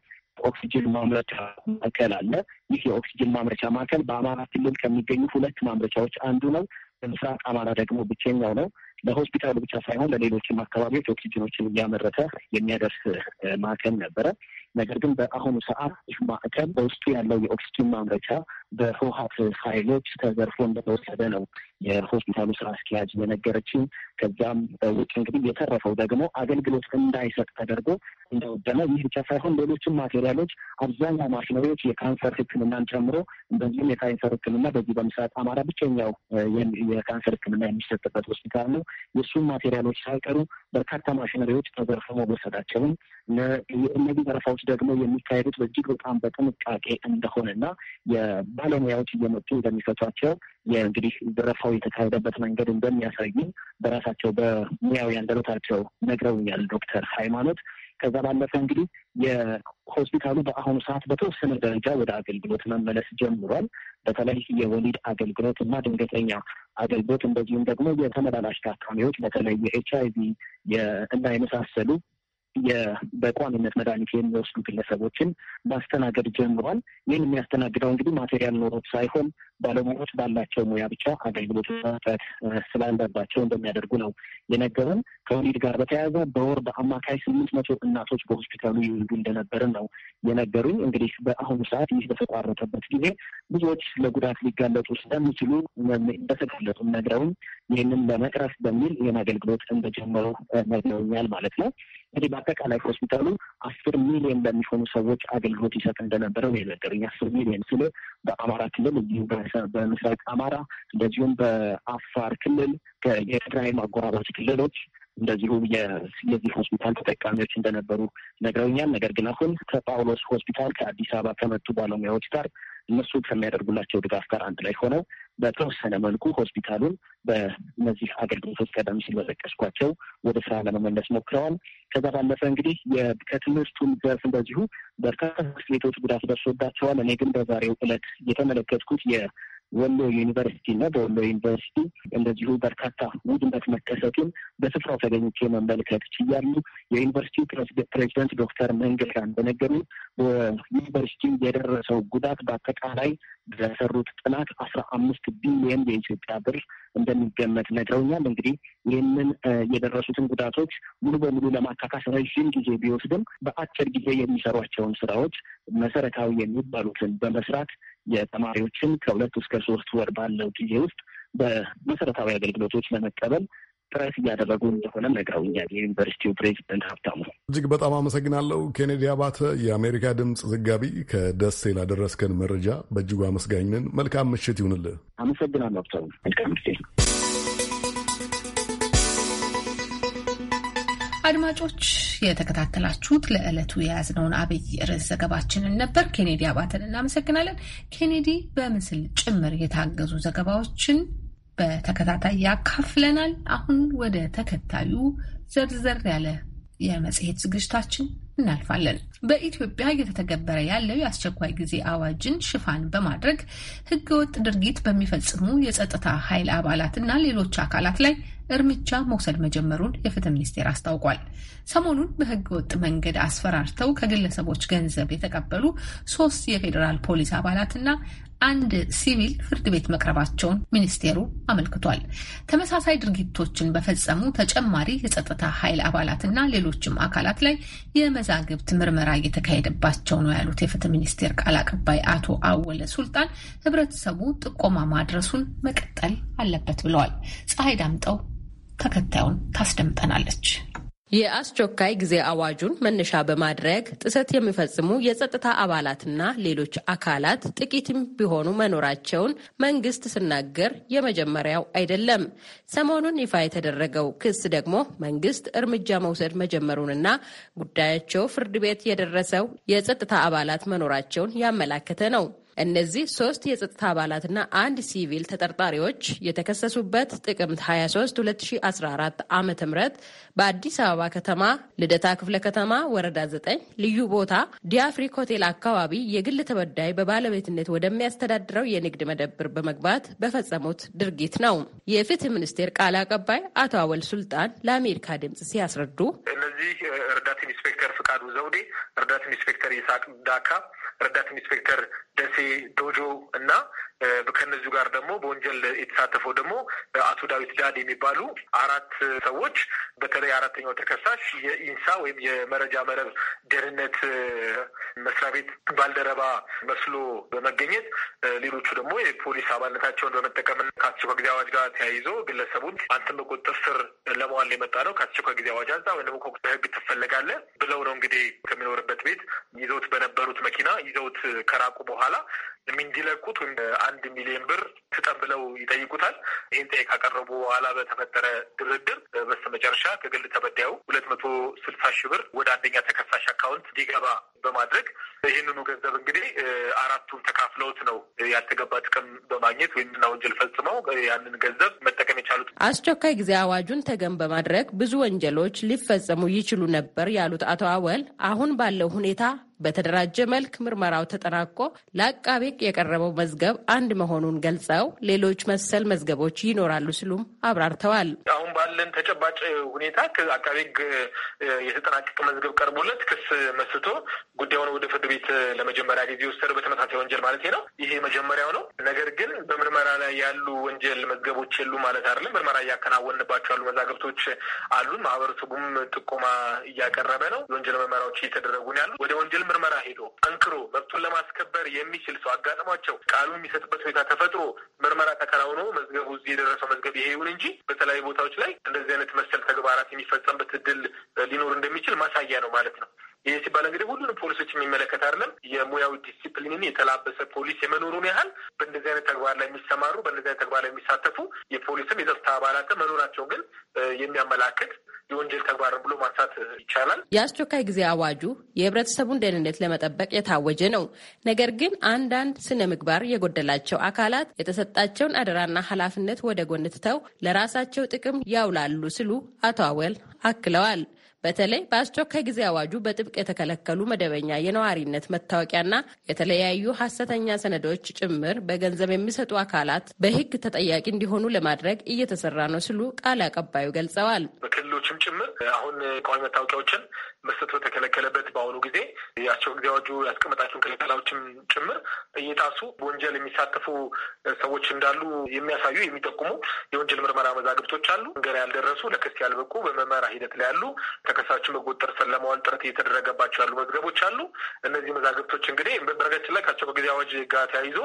ኦክሲጅን ማምረቻ ማዕከል አለ። ይህ የኦክሲጅን ማምረቻ ማዕከል በአማራ ክልል ከሚገኙ ሁለት ማምረቻዎች አንዱ ነው። በምስራቅ አማራ ደግሞ ብቸኛው ነው። ለሆስፒታሉ ብቻ ሳይሆን ለሌሎችም አካባቢዎች ኦክሲጅኖችን እያመረተ የሚያደርስ ማዕከል ነበረ። ነገር ግን በአሁኑ ሰዓት ይህ ማዕከል በውስጡ ያለው የኦክሲጅን ማምረቻ በህወሀት ኃይሎች ተዘርፎ እንደተወሰደ ነው የሆስፒታሉ ስራ አስኪያጅ የነገረችን። ከዛም ውጭ እንግዲህ የተረፈው ደግሞ አገልግሎት እንዳይሰጥ ተደርጎ እንደወደመ፣ ይህ ብቻ ሳይሆን ሌሎችም ማቴሪያሎች፣ አብዛኛው ማሽነሪዎች የካንሰር ህክምናን ጨምሮ እንደዚሁም የካንሰር ህክምና በዚህ በምስራቅ አማራ ብቸኛው የካንሰር ህክምና የሚሰጥበት ሆስፒታል ነው። የእሱም ማቴሪያሎች ሳይቀሩ በርካታ ማሽነሪዎች ተዘርፎ መወሰዳቸውን እነዚህ ዘረፋዎች ደግሞ የሚካሄዱት በእጅግ በጣም በጥንቃቄ እንደሆነና ባለሙያዎች እየመጡ እንደሚፈቷቸው የእንግዲህ ዘረፋው የተካሄደበት መንገድ እንደሚያሳዩ በራሳቸው በሙያው ያንደበታቸው ነግረውኛል ዶክተር ሃይማኖት። ከዛ ባለፈ እንግዲህ የሆስፒታሉ በአሁኑ ሰዓት በተወሰነ ደረጃ ወደ አገልግሎት መመለስ ጀምሯል። በተለይ የወሊድ አገልግሎት እና ድንገተኛ አገልግሎት እንደዚሁም ደግሞ የተመላላሽ ታካሚዎች በተለይ የኤች አይቪ እና የመሳሰሉ በቋሚነት መድኃኒት የሚወስዱ ግለሰቦችን ማስተናገድ ጀምሯል። ይህን የሚያስተናግደው እንግዲህ ማቴሪያል ኖሮት ሳይሆን ባለሙያዎች ባላቸው ሙያ ብቻ አገልግሎት መስጠት ስላለባቸው እንደሚያደርጉ ነው የነገረን። ከወሊድ ጋር በተያያዘ በወር በአማካይ ስምንት መቶ እናቶች በሆስፒታሉ ይወልዱ እንደነበረ ነው የነገሩኝ። እንግዲህ በአሁኑ ሰዓት ይህ በተቋረጠበት ጊዜ ብዙዎች ለጉዳት ሊጋለጡ ስለሚችሉ እንደተጋለጡም ነግረውኝ ይህንን ለመቅረፍ በሚል ይህን አገልግሎት እንደጀመሩ ነግረውኛል ማለት ነው። እንግዲህ በአጠቃላይ ሆስፒታሉ አስር ሚሊዮን በሚሆኑ ሰዎች አገልግሎት ይሰጥ እንደነበረ ነው የነገሩኝ። አስር ሚሊዮን ስል በአማራ ክልል እንዲሁም በምስራቅ አማራ እንደዚሁም በአፋር ክልል የትግራይ አጎራባች ክልሎች እንደዚሁ የዚህ ሆስፒታል ተጠቃሚዎች እንደነበሩ ነግረውኛል። ነገር ግን አሁን ከጳውሎስ ሆስፒታል ከአዲስ አበባ ከመጡ ባለሙያዎች ጋር እነሱ ከሚያደርጉላቸው ድጋፍ ጋር አንድ ላይ ሆነው በተወሰነ መልኩ ሆስፒታሉን በእነዚህ አገልግሎቶች ቀደም ሲል በጠቀስኳቸው ወደ ስራ ለመመለስ ሞክረዋል። ከዛ ባለፈ እንግዲህ ከትምህርቱን ዘርፍ እንደዚሁ በርካታ ትምህርት ቤቶች ጉዳት ደርሶባቸዋል። እኔ ግን በዛሬው ዕለት የተመለከትኩት ወሎ ዩኒቨርሲቲ እና በወሎ ዩኒቨርሲቲ እንደዚሁ በርካታ ውድመት መከሰቱን በስፍራው ተገኝቼ መመልከት ችያሉ። የዩኒቨርሲቲው ፕሬዚደንት ዶክተር መንገሻ እንደነገሩ በዩኒቨርሲቲ የደረሰው ጉዳት በአጠቃላይ በሰሩት ጥናት አስራ አምስት ቢሊየን የኢትዮጵያ ብር እንደሚገመት ነግረውኛል። እንግዲህ ይህንን የደረሱትን ጉዳቶች ሙሉ በሙሉ ለማካካስ ረዥም ጊዜ ቢወስድም በአጭር ጊዜ የሚሰሯቸውን ስራዎች መሰረታዊ የሚባሉትን በመስራት የተማሪዎችን ከሁለት እስከ ሶስት ወር ባለው ጊዜ ውስጥ በመሰረታዊ አገልግሎቶች ለመቀበል ጥረት እያደረጉ እንደሆነ ነግረውኛል። የዩኒቨርሲቲው ፕሬዚደንት ሀብታሙ እጅግ በጣም አመሰግናለሁ። ኬኔዲ አባተ፣ የአሜሪካ ድምፅ ዘጋቢ፣ ከደሴ ላደረስከን መረጃ በእጅጉ አመስጋኝንን። መልካም ምሽት ይሁንልህ። አመሰግናለሁ ሀብታሙ። መልካም ጊዜ አድማጮች የተከታተላችሁት ለዕለቱ የያዝነውን አብይ ርዕስ ዘገባችንን ነበር። ኬኔዲ አባተን እናመሰግናለን። ኬኔዲ በምስል ጭምር የታገዙ ዘገባዎችን በተከታታይ ያካፍለናል። አሁን ወደ ተከታዩ ዘርዘር ያለ የመጽሔት ዝግጅታችን እናልፋለን። በኢትዮጵያ እየተተገበረ ያለው የአስቸኳይ ጊዜ አዋጅን ሽፋን በማድረግ ህገወጥ ድርጊት በሚፈጽሙ የጸጥታ ኃይል አባላት እና ሌሎች አካላት ላይ እርምጃ መውሰድ መጀመሩን የፍትህ ሚኒስቴር አስታውቋል። ሰሞኑን በህገወጥ መንገድ አስፈራርተው ከግለሰቦች ገንዘብ የተቀበሉ ሶስት የፌዴራል ፖሊስ አባላትና አንድ ሲቪል ፍርድ ቤት መቅረባቸውን ሚኒስቴሩ አመልክቷል። ተመሳሳይ ድርጊቶችን በፈጸሙ ተጨማሪ የጸጥታ ኃይል አባላትና ሌሎችም አካላት ላይ የመዛግብት ምርመራ እየተካሄደባቸው ነው ያሉት የፍትህ ሚኒስቴር ቃል አቀባይ አቶ አወለ ሱልጣን ህብረተሰቡ ጥቆማ ማድረሱን መቀጠል አለበት ብለዋል። ፀሐይ ዳምጠው ተከታዩን ታስደምጠናለች። የአስቸኳይ ጊዜ አዋጁን መነሻ በማድረግ ጥሰት የሚፈጽሙ የጸጥታ አባላትና ሌሎች አካላት ጥቂትም ቢሆኑ መኖራቸውን መንግስት ስናገር የመጀመሪያው አይደለም። ሰሞኑን ይፋ የተደረገው ክስ ደግሞ መንግስት እርምጃ መውሰድ መጀመሩንና ጉዳያቸው ፍርድ ቤት የደረሰው የጸጥታ አባላት መኖራቸውን ያመላከተ ነው። እነዚህ ሶስት የጸጥታ አባላትና አንድ ሲቪል ተጠርጣሪዎች የተከሰሱበት ጥቅምት 23 2014 ዓ ም በአዲስ አበባ ከተማ ልደታ ክፍለ ከተማ ወረዳ 9 ልዩ ቦታ ዲያፍሪክ ሆቴል አካባቢ የግል ተበዳይ በባለቤትነት ወደሚያስተዳድረው የንግድ መደብር በመግባት በፈጸሙት ድርጊት ነው። የፍትህ ሚኒስቴር ቃል አቀባይ አቶ አወል ሱልጣን ለአሜሪካ ድምጽ ሲያስረዱ እነዚህ ረዳት ኢንስፔክተር ፍቃዱ ዘውዴ፣ ረዳት ኢንስፔክተር ይስሐቅ ዳካ ረዳት ኢንስፔክተር ደሴ ዶጆ እና ከነዚሁ ጋር ደግሞ በወንጀል የተሳተፈው ደግሞ አቶ ዳዊት ዳድ የሚባሉ አራት ሰዎች በተለይ አራተኛው ተከሳሽ የኢንሳ ወይም የመረጃ መረብ ደህንነት መስሪያ ቤት ባልደረባ መስሎ በመገኘት ሌሎቹ ደግሞ የፖሊስ አባልነታቸውን በመጠቀም ከአስቸኳይ ጊዜ አዋጅ ጋር ተያይዞ ግለሰቡን አንተን በቁጥጥር ስር ለመዋል የመጣ ነው ከአስቸኳይ ጊዜ አዋጅ አንጻር ወይም ደግሞ በህግ ትፈለጋለህ ብለው ነው እንግዲህ ከሚኖርበት ቤት ይዘውት በነበሩት መኪና ይዘውት ከራቁ በኋላ የሚንዲለቁት ወይም አንድ ሚሊዮን ብር ስጠን ብለው ይጠይቁታል። ይህን ጥያቄ ካቀረቡ በኋላ በተፈጠረ ድርድር በስተመጨረሻ ከግል ተበዳዩ ሁለት መቶ ስልሳ ሺህ ብር ወደ አንደኛ ተከሳሽ አካውንት እንዲገባ በማድረግ ይህንኑ ገንዘብ እንግዲህ አራቱም ተካፍለውት ነው ያልተገባ ጥቅም በማግኘት ወይም ና ወንጀል ፈጽመው ያንን ገንዘብ መጠቀም የቻሉት። አስቸኳይ ጊዜ አዋጁን ተገን በማድረግ ብዙ ወንጀሎች ሊፈጸሙ ይችሉ ነበር ያሉት አቶ አወል አሁን ባለው ሁኔታ በተደራጀ መልክ ምርመራው ተጠናቆ ለአቃቤ ሕግ የቀረበው መዝገብ አንድ መሆኑን ገልጸው ሌሎች መሰል መዝገቦች ይኖራሉ ሲሉም አብራርተዋል። አሁን ባለን ተጨባጭ ሁኔታ አቃቤ ሕግ የተጠናቀቀ መዝገብ ቀርቦለት ክስ መስቶ ጉዳዩን ወደ ፍርድ ቤት ለመጀመሪያ ጊዜ የወሰደው በተመሳሳይ ወንጀል ማለት ነው። ይሄ መጀመሪያው ነው። ነገር ግን በምርመራ ላይ ያሉ ወንጀል መዝገቦች የሉ ማለት አይደለም። ምርመራ እያከናወንባቸው ያሉ መዛግብቶች አሉን። ማህበረሰቡም ጥቆማ እያቀረበ ነው። የወንጀል ምርመራዎች እየተደረጉ ነው ያሉ ወደ ወንጀል ምርመራ ሄዶ ጠንክሮ መብቱን ለማስከበር የሚችል ሰው አጋጥሟቸው ቃሉ የሚሰጥበት ሁኔታ ተፈጥሮ ምርመራ ተከናውኖ መዝገቡ እዚህ የደረሰው መዝገብ ይሄ ይሁን እንጂ በተለያዩ ቦታዎች ላይ እንደዚህ አይነት መሰል ተግባራት የሚፈጸምበት እድል ሊኖር እንደሚችል ማሳያ ነው ማለት ነው። ይህ ሲባል እንግዲህ ሁሉንም ፖሊሶች የሚመለከት አይደለም። የሙያው ዲሲፕሊንን የተላበሰ ፖሊስ የመኖሩን ያህል በእንደዚህ አይነት ተግባር ላይ የሚሰማሩ በእንደዚህ አይነት ተግባር ላይ የሚሳተፉ የፖሊስም የጸጥታ አባላትም መኖራቸው ግን የሚያመላክት የወንጀል ተግባር ብሎ ማንሳት ይቻላል። የአስቸኳይ ጊዜ አዋጁ የህብረተሰቡን ደህንነት ለመጠበቅ የታወጀ ነው። ነገር ግን አንዳንድ ስነ ምግባር የጎደላቸው አካላት የተሰጣቸውን አደራና ኃላፊነት ወደ ጎን ትተው ለራሳቸው ጥቅም ያውላሉ ሲሉ አቶ አወል አክለዋል። በተለይ በአስቸኳይ ጊዜ አዋጁ በጥብቅ የተከለከሉ መደበኛ የነዋሪነት መታወቂያና የተለያዩ ሀሰተኛ ሰነዶች ጭምር በገንዘብ የሚሰጡ አካላት በሕግ ተጠያቂ እንዲሆኑ ለማድረግ እየተሰራ ነው ሲሉ ቃል አቀባዩ ገልጸዋል። በክልሎችም ጭምር አሁን ቋሚ መታወቂያዎችን መስጠት በተከለከለበት በአሁኑ ጊዜ የአስቸኳይ ጊዜ አዋጁ ያስቀመጣቸውን ክልከላዎችም ጭምር እየጣሱ ወንጀል የሚሳተፉ ሰዎች እንዳሉ የሚያሳዩ የሚጠቁሙ የወንጀል ምርመራ መዛግብቶች አሉ። ገና ያልደረሱ ለክስ ያልበቁ በምርመራ ሂደት ላይ ያሉ ተከሳችን በቁጥጥር ስር ለማዋል ጥረት እየተደረገባቸው ያሉ መዝገቦች አሉ። እነዚህ መዛግብቶች እንግዲህ በረገችን ላይ ከአስቸኳይ ጊዜ አዋጅ ጋር ተያይዞ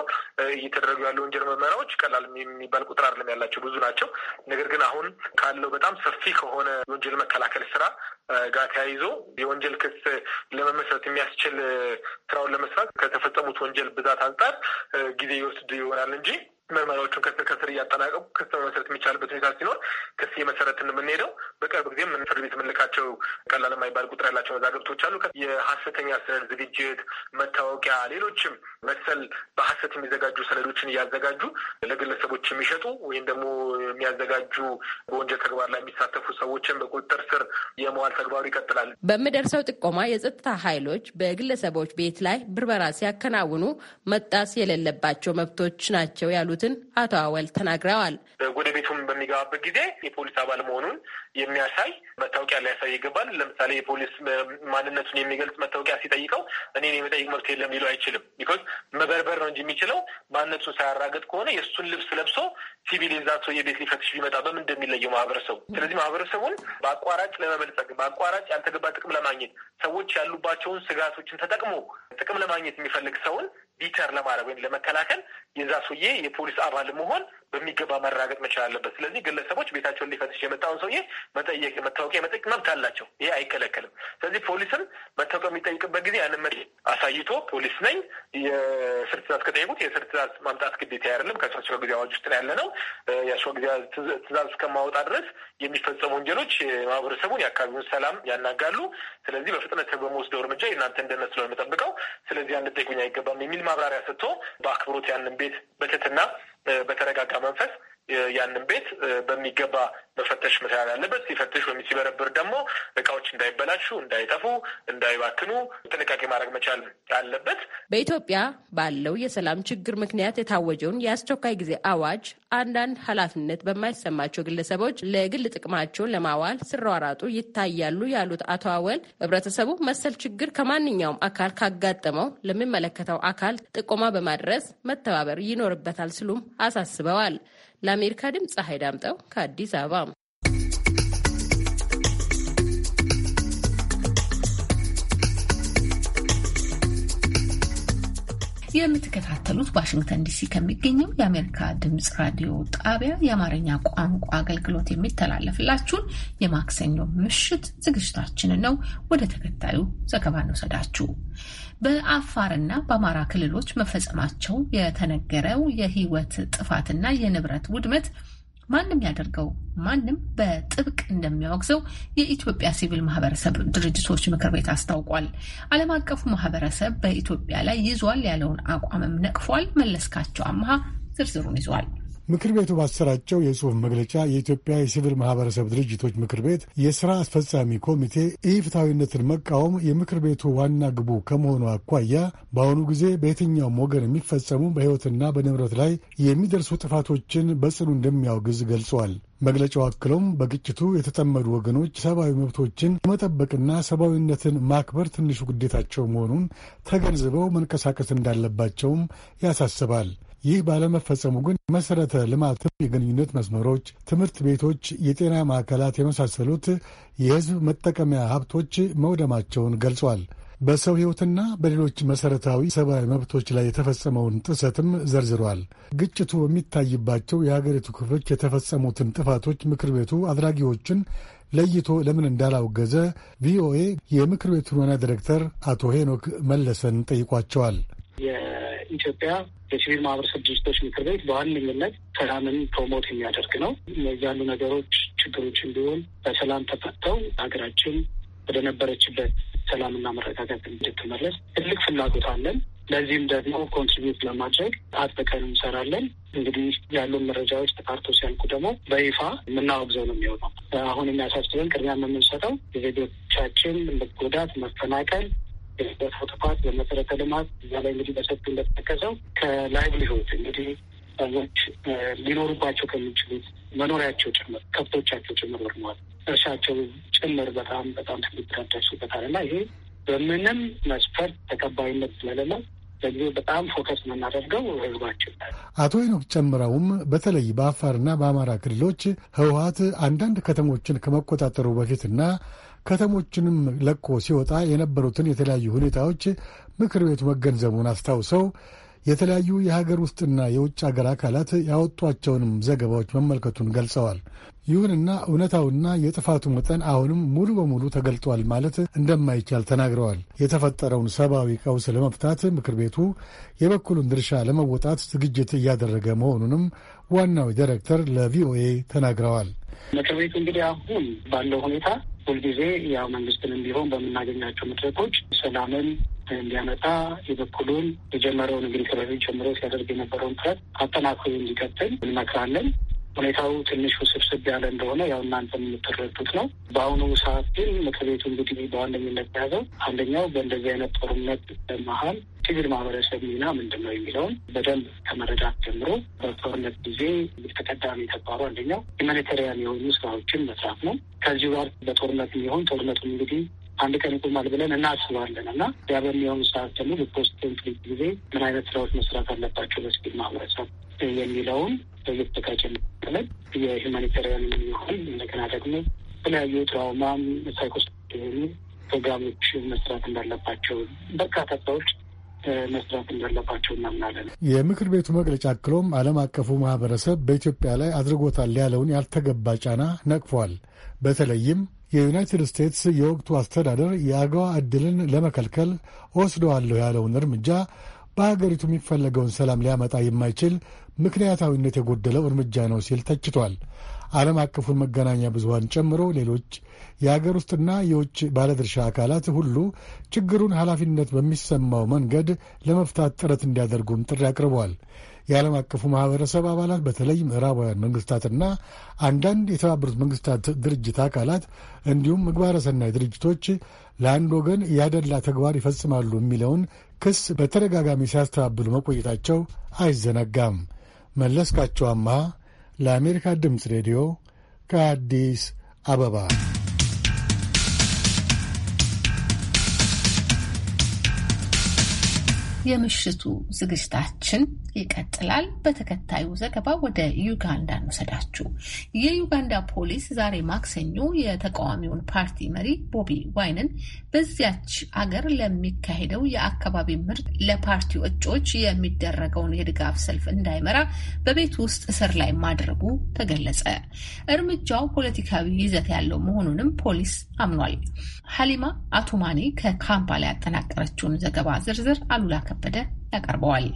እየተደረጉ ያሉ ወንጀል ምርመራዎች ቀላል የሚባል ቁጥር አይደለም ያላቸው ብዙ ናቸው። ነገር ግን አሁን ካለው በጣም ሰፊ ከሆነ የወንጀል መከላከል ስራ ጋር ተያይዞ የወንጀል ክስ ለመመስረት የሚያስችል ስራውን ለመስራት ከተፈጸሙት ወንጀል ብዛት አንጻር ጊዜ ይወስድ ይሆናል እንጂ ምርመራዎቹን ከስር ከስር እያጠናቀቁ ክስ መመሰረት የሚቻልበት ሁኔታ ሲኖር ክስ የመሰረት የምንሄደው በቅርብ ጊዜ ፍርድ ቤት የምንልካቸው ቀላል የማይባል ቁጥር ያላቸው መዛግብቶች አሉ። የሀሰተኛ ሰነድ ዝግጅት፣ መታወቂያ፣ ሌሎችም መሰል በሀሰት የሚዘጋጁ ሰነዶችን እያዘጋጁ ለግለሰቦች የሚሸጡ ወይም ደግሞ የሚያዘጋጁ በወንጀል ተግባር ላይ የሚሳተፉ ሰዎችን በቁጥጥር ስር የመዋል ተግባሩ ይቀጥላል። በምደርሰው ጥቆማ የጸጥታ ኃይሎች በግለሰቦች ቤት ላይ ብርበራ ሲያከናውኑ መጣስ የሌለባቸው መብቶች ናቸው ያሉት ያሉትን አቶ አወል ተናግረዋል። ወደ ቤቱም በሚገባበት ጊዜ የፖሊስ አባል መሆኑን የሚያሳይ መታወቂያ ሊያሳይ ይገባል። ለምሳሌ የፖሊስ ማንነቱን የሚገልጽ መታወቂያ ሲጠይቀው እኔ የመጠይቅ መብት የለም ሊሉ አይችልም። ቢኮዝ መበርበር ነው እንጂ የሚችለው ማንነቱን ሳያራገጥ ከሆነ የእሱን ልብስ ለብሶ ሲቪል የዛ ሰው የቤት ሊፈትሽ ቢመጣ በምን እንደሚለየው ማህበረሰቡ። ስለዚህ ማህበረሰቡን በአቋራጭ ለመበልጸግ በአቋራጭ ያልተገባ ጥቅም ለማግኘት ሰዎች ያሉባቸውን ስጋቶችን ተጠቅሞ ጥቅም ለማግኘት የሚፈልግ ሰውን ቢተር ለማድረግ ወይም ለመከላከል የዛ ሰውዬ የፖሊስ አባል መሆን በሚገባ መራገጥ መቻል አለበት። ስለዚህ ግለሰቦች ቤታቸው እንዲፈትሽ የመጣውን ሰውዬ መጠየቅ መታወቂያ መጠየቅ መብት አላቸው። ይሄ አይከለከልም። ስለዚህ ፖሊስም መታወቂያ የሚጠይቅበት ጊዜ ያንን አሳይቶ ፖሊስ ነኝ የስር ትእዛዝ ከጠየቁት የስር ትእዛዝ ማምጣት ግዴታ አይደለም። ከአስቸኳይ ጊዜ አዋጅ ውስጥ ያለ ነው። የአስቸኳይ ጊዜ ትእዛዝ እስከማወጣ ድረስ የሚፈጸሙ ወንጀሎች ማህበረሰቡን፣ የአካባቢውን ሰላም ያናጋሉ። ስለዚህ በፍጥነት በመወስደው እርምጃ የእናንተ እንደነት ስለሆነ የምጠብቀው ስለዚህ አንድ ጠይቁኝ አይገባም የሚል ማብራሪያ ሰጥቶ በአክብሮት ያንን ቤት በትትና በተረጋጋ መንፈስ ያንን ቤት በሚገባ መፈተሽ መቻል አለበት። ሲፈትሽ ወይም ሲበረብር ደግሞ እቃዎች እንዳይበላሹ፣ እንዳይጠፉ፣ እንዳይባክኑ ጥንቃቄ ማድረግ መቻል አለበት። በኢትዮጵያ ባለው የሰላም ችግር ምክንያት የታወጀውን የአስቸኳይ ጊዜ አዋጅ አንዳንድ ኃላፊነት በማይሰማቸው ግለሰቦች ለግል ጥቅማቸውን ለማዋል ሲሯሯጡ ይታያሉ ያሉት አቶ አወል ህብረተሰቡ መሰል ችግር ከማንኛውም አካል ካጋጠመው ለሚመለከተው አካል ጥቆማ በማድረስ መተባበር ይኖርበታል ሲሉም አሳስበዋል። ለአሜሪካ ድምፅ ፀሐይ ዳምጠው ከአዲስ አበባ። የምትከታተሉት ዋሽንግተን ዲሲ ከሚገኘው የአሜሪካ ድምፅ ራዲዮ ጣቢያ የአማርኛ ቋንቋ አገልግሎት የሚተላለፍላችሁን የማክሰኞ ምሽት ዝግጅታችንን ነው። ወደ ተከታዩ ዘገባ እንወሰዳችሁ። በአፋርና በአማራ ክልሎች መፈጸማቸው የተነገረው የህይወት ጥፋትና የንብረት ውድመት ማንም ያደርገው ማንም በጥብቅ እንደሚያወግዘው የኢትዮጵያ ሲቪል ማህበረሰብ ድርጅቶች ምክር ቤት አስታውቋል። ዓለም አቀፉ ማህበረሰብ በኢትዮጵያ ላይ ይዟል ያለውን አቋምም ነቅፏል። መለስካቸው አምሃ ዝርዝሩን ይዟል። ምክር ቤቱ ባሰራጨው የጽሑፍ መግለጫ የኢትዮጵያ የሲቪል ማህበረሰብ ድርጅቶች ምክር ቤት የሥራ አስፈጻሚ ኮሚቴ ኢፍትሐዊነትን መቃወም የምክር ቤቱ ዋና ግቡ ከመሆኑ አኳያ በአሁኑ ጊዜ በየትኛውም ወገን የሚፈጸሙ በሕይወትና በንብረት ላይ የሚደርሱ ጥፋቶችን በጽኑ እንደሚያወግዝ ገልጿል። መግለጫው አክሎም በግጭቱ የተጠመዱ ወገኖች ሰብአዊ መብቶችን መጠበቅና ሰብአዊነትን ማክበር ትንሹ ግዴታቸው መሆኑን ተገንዝበው መንቀሳቀስ እንዳለባቸውም ያሳስባል። ይህ ባለመፈጸሙ ግን መሰረተ ልማትም የግንኙነት መስመሮች፣ ትምህርት ቤቶች፣ የጤና ማዕከላት የመሳሰሉት የህዝብ መጠቀሚያ ሀብቶች መውደማቸውን ገልጿል። በሰው ሕይወትና በሌሎች መሠረታዊ ሰብአዊ መብቶች ላይ የተፈጸመውን ጥሰትም ዘርዝሯል። ግጭቱ በሚታይባቸው የሀገሪቱ ክፍሎች የተፈጸሙትን ጥፋቶች ምክር ቤቱ አድራጊዎችን ለይቶ ለምን እንዳላወገዘ ቪኦኤ የምክር ቤቱን ዋና ዲሬክተር አቶ ሄኖክ መለሰን ጠይቋቸዋል። ኢትዮጵያ የሲቪል ማህበረሰብ ድርጅቶች ምክር ቤት በዋነኝነት ሰላምን ፕሮሞት የሚያደርግ ነው። እነዚህ ያሉ ነገሮች ችግሮች ቢሆን በሰላም ተፈተው ሀገራችን ወደነበረችበት ሰላምና መረጋጋት እንድትመለስ ትልቅ ፍላጎት አለን። ለዚህም ደግሞ ኮንትሪቢዩት ለማድረግ አጥብቀን እንሰራለን። እንግዲህ ያሉን መረጃዎች ተጣርቶ ሲያልቁ ደግሞ በይፋ የምናወግዘው ነው የሚሆነው። አሁን የሚያሳስበን ቅድሚያ የምንሰጠው የዜጎቻችን መጎዳት፣ መፈናቀል የፎቶ ፓርክ፣ በመሰረተ ልማት እዛ ላይ እንግዲህ በሰፊ እንደተጠቀሰው ከላይቭሊሁድ እንግዲህ ሰዎች ሊኖሩባቸው ከሚችሉት መኖሪያቸው ጭምር ከብቶቻቸው ጭምር ወድመዋል። እርሻቸው ጭምር በጣም በጣም ትግብር ደርሶበታል እና ይሄ በምንም መስፈርት ተቀባይነት ስለሌለው ለጊዜው በጣም ፎከስ የምናደርገው ህዝባችን። አቶ ሄኖክ ጨምረውም በተለይ በአፋርና በአማራ ክልሎች ህወሀት አንዳንድ ከተሞችን ከመቆጣጠሩ በፊትና ከተሞችንም ለቆ ሲወጣ የነበሩትን የተለያዩ ሁኔታዎች ምክር ቤቱ መገንዘቡን አስታውሰው የተለያዩ የሀገር ውስጥና የውጭ ሀገር አካላት ያወጧቸውንም ዘገባዎች መመልከቱን ገልጸዋል። ይሁንና እውነታውና የጥፋቱ መጠን አሁንም ሙሉ በሙሉ ተገልጧል ማለት እንደማይቻል ተናግረዋል። የተፈጠረውን ሰብአዊ ቀውስ ለመፍታት ምክር ቤቱ የበኩሉን ድርሻ ለመወጣት ዝግጅት እያደረገ መሆኑንም ዋናው ዳይሬክተር ለቪኦኤ ተናግረዋል። ምክር ቤቱ እንግዲህ አሁን ባለው ሁኔታ ሁልጊዜ ያው መንግስትንም ቢሆን በምናገኛቸው መድረኮች ሰላምን እንዲያመጣ የበኩሉን የጀመረውን እንግዲህ ከበፊት ጀምሮ ሲያደርግ የነበረውን ጥረት አጠናክሮ እንዲቀጥል እንመክራለን። ሁኔታው ትንሽ ውስብስብ ያለ እንደሆነ ያው እናንተ የምትረዱት ነው። በአሁኑ ሰዓት ግን ምክር ቤቱ እንግዲህ በዋነኝነት ያዘው አንደኛው በእንደዚህ አይነት ጦርነት መሀል ሲቪል ማህበረሰብ ሚና ምንድን ነው የሚለውን በደንብ ከመረዳት ጀምሮ በጦርነት ጊዜ ተቀዳሚ ተግባሩ አንደኛው ሁማኒታሪያን የሆኑ ስራዎችን መስራት ነው። ከዚሁ ጋር በጦርነት የሚሆን ጦርነቱ እንግዲህ አንድ ቀን ይቆማል ብለን እናስባለን እና ያ በሚሆኑ ሰዓት ደግሞ በፖስት ኮንፍሊክት ጊዜ ምን አይነት ስራዎች መስራት አለባቸው በሲቪል ማህበረሰብ የሚለውን በየተዘጋጀ መጠለል የሁማኒታሪያን የሚሆን እንደገና ደግሞ የተለያዩ ትራውማም ሳይኮስ የሆኑ ፕሮግራሞች መስራት እንዳለባቸው በርካታ ሰዎች መስራት እንዳለባቸው እናምናለን። የምክር ቤቱ መግለጫ አክሎም ዓለም አቀፉ ማህበረሰብ በኢትዮጵያ ላይ አድርጎታል ያለውን ያልተገባ ጫና ነቅፏል። በተለይም የዩናይትድ ስቴትስ የወቅቱ አስተዳደር የአገዋ ዕድልን ለመከልከል ወስደዋለሁ ያለውን እርምጃ በሀገሪቱ የሚፈለገውን ሰላም ሊያመጣ የማይችል ምክንያታዊነት የጎደለው እርምጃ ነው ሲል ተችቷል። ዓለም አቀፉን መገናኛ ብዙሀን ጨምሮ ሌሎች የአገር ውስጥና የውጭ ባለድርሻ አካላት ሁሉ ችግሩን ኃላፊነት በሚሰማው መንገድ ለመፍታት ጥረት እንዲያደርጉም ጥሪ አቅርበዋል። የዓለም አቀፉ ማህበረሰብ አባላት በተለይ ምዕራባውያን መንግስታትና አንዳንድ የተባበሩት መንግስታት ድርጅት አካላት እንዲሁም ምግባረ ሰናይ ድርጅቶች ለአንድ ወገን ያደላ ተግባር ይፈጽማሉ የሚለውን ክስ በተደጋጋሚ ሲያስተባብሉ መቆየታቸው አይዘነጋም። መለስካቸው አምሃ ለአሜሪካ ድምፅ ሬዲዮ ከአዲስ አበባ የምሽቱ ዝግጅታችን ይቀጥላል። በተከታዩ ዘገባ ወደ ዩጋንዳ እንውሰዳችሁ። የዩጋንዳ ፖሊስ ዛሬ ማክሰኞ የተቃዋሚውን ፓርቲ መሪ ቦቢ ዋይንን በዚያች አገር ለሚካሄደው የአካባቢ ምርት ለፓርቲው እጩዎች የሚደረገውን የድጋፍ ሰልፍ እንዳይመራ በቤት ውስጥ እስር ላይ ማድረጉ ተገለጸ። እርምጃው ፖለቲካዊ ይዘት ያለው መሆኑንም ፖሊስ አምኗል። ሀሊማ አቱማኔ ከካምፓላ ያጠናቀረችውን ዘገባ ዝርዝር አሉላ ከበደ ያቀርበዋል።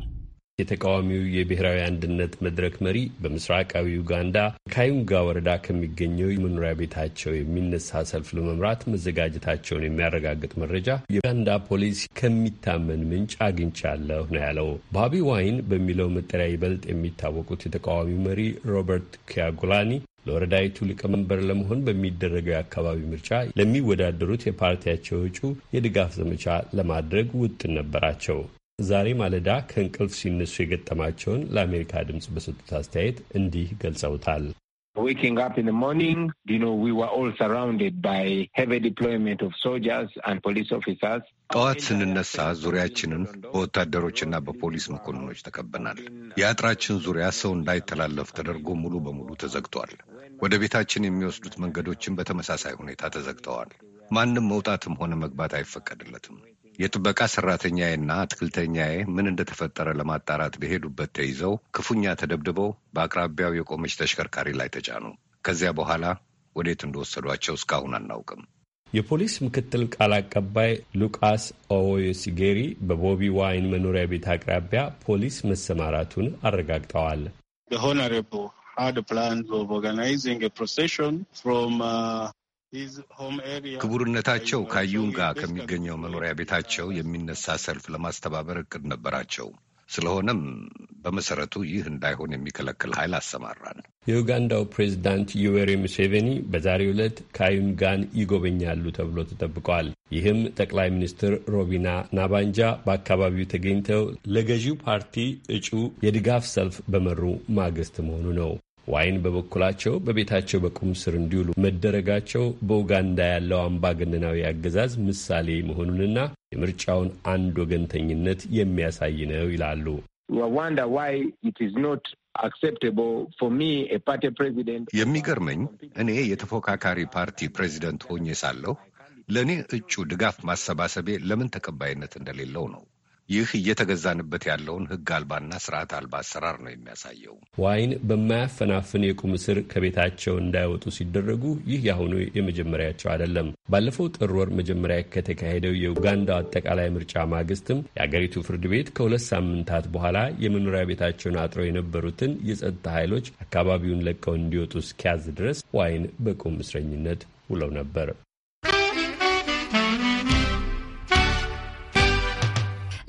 የተቃዋሚው የብሔራዊ አንድነት መድረክ መሪ በምስራቃዊ ዩጋንዳ ካዩንጋ ወረዳ ከሚገኘው መኖሪያ ቤታቸው የሚነሳ ሰልፍ ለመምራት መዘጋጀታቸውን የሚያረጋግጥ መረጃ የዩጋንዳ ፖሊስ ከሚታመን ምንጭ አግኝቻለሁ ነው ያለው። ባቢ ዋይን በሚለው መጠሪያ ይበልጥ የሚታወቁት የተቃዋሚው መሪ ሮበርት ኪያጉላኒ ለወረዳይቱ ሊቀመንበር ለመሆን በሚደረገው የአካባቢ ምርጫ ለሚወዳደሩት የፓርቲያቸው እጩ የድጋፍ ዘመቻ ለማድረግ ውጥን ነበራቸው። ዛሬ ማለዳ ከእንቅልፍ ሲነሱ የገጠማቸውን ለአሜሪካ ድምፅ በሰጡት አስተያየት እንዲህ ገልጸውታል። waking up in the morning, you know, we were all surrounded by heavy deployment of soldiers and police officers. ጠዋት ስንነሳ ዙሪያችንን በወታደሮችና በፖሊስ መኮንኖች ተከበናል። የአጥራችን ዙሪያ ሰው እንዳይተላለፍ ተደርጎ ሙሉ በሙሉ ተዘግቷል። ወደ ቤታችን የሚወስዱት መንገዶችን በተመሳሳይ ሁኔታ ተዘግተዋል። ማንም መውጣትም ሆነ መግባት አይፈቀድለትም። የጥበቃ ሰራተኛዬና አትክልተኛዬ ምን እንደተፈጠረ ለማጣራት በሄዱበት ተይዘው ክፉኛ ተደብድበው በአቅራቢያው የቆመች ተሽከርካሪ ላይ ተጫኑ። ከዚያ በኋላ ወዴት እንደወሰዷቸው እስካሁን አናውቅም። የፖሊስ ምክትል ቃል አቀባይ ሉቃስ ኦዮሲጌሪ በቦቢ ዋይን መኖሪያ ቤት አቅራቢያ ፖሊስ መሰማራቱን አረጋግጠዋል። ሆነሬቦ had plans of organizing a procession from uh, ክቡርነታቸው ካዩንጋ ከሚገኘው መኖሪያ ቤታቸው የሚነሳ ሰልፍ ለማስተባበር እቅድ ነበራቸው። ስለሆነም በመሰረቱ ይህ እንዳይሆን የሚከለክል ኃይል አሰማራል። የኡጋንዳው ፕሬዚዳንት ዩዌሪ ሙሴቬኒ በዛሬው ዕለት ካዩንጋን ይጎበኛሉ ተብሎ ተጠብቋል። ይህም ጠቅላይ ሚኒስትር ሮቢና ናባንጃ በአካባቢው ተገኝተው ለገዢው ፓርቲ እጩ የድጋፍ ሰልፍ በመሩ ማግስት መሆኑ ነው። ዋይን በበኩላቸው በቤታቸው በቁም ስር እንዲውሉ መደረጋቸው በኡጋንዳ ያለው አምባገነናዊ አገዛዝ ምሳሌ መሆኑንና የምርጫውን አንድ ወገንተኝነት የሚያሳይ ነው ይላሉ። የሚገርመኝ እኔ የተፎካካሪ ፓርቲ ፕሬዚደንት ሆኜ ሳለሁ ለእኔ እጩ ድጋፍ ማሰባሰቤ ለምን ተቀባይነት እንደሌለው ነው። ይህ እየተገዛንበት ያለውን ህግ አልባና ስርዓት አልባ አሰራር ነው የሚያሳየው። ዋይን በማያፈናፍን የቁም እስር ከቤታቸው እንዳይወጡ ሲደረጉ ይህ የአሁኑ የመጀመሪያቸው አይደለም። ባለፈው ጥር ወር መጀመሪያ ከተካሄደው የኡጋንዳ አጠቃላይ ምርጫ ማግስትም የአገሪቱ ፍርድ ቤት ከሁለት ሳምንታት በኋላ የመኖሪያ ቤታቸውን አጥረው የነበሩትን የጸጥታ ኃይሎች አካባቢውን ለቀው እንዲወጡ እስኪያዝ ድረስ ዋይን በቁም እስረኝነት ውለው ነበር።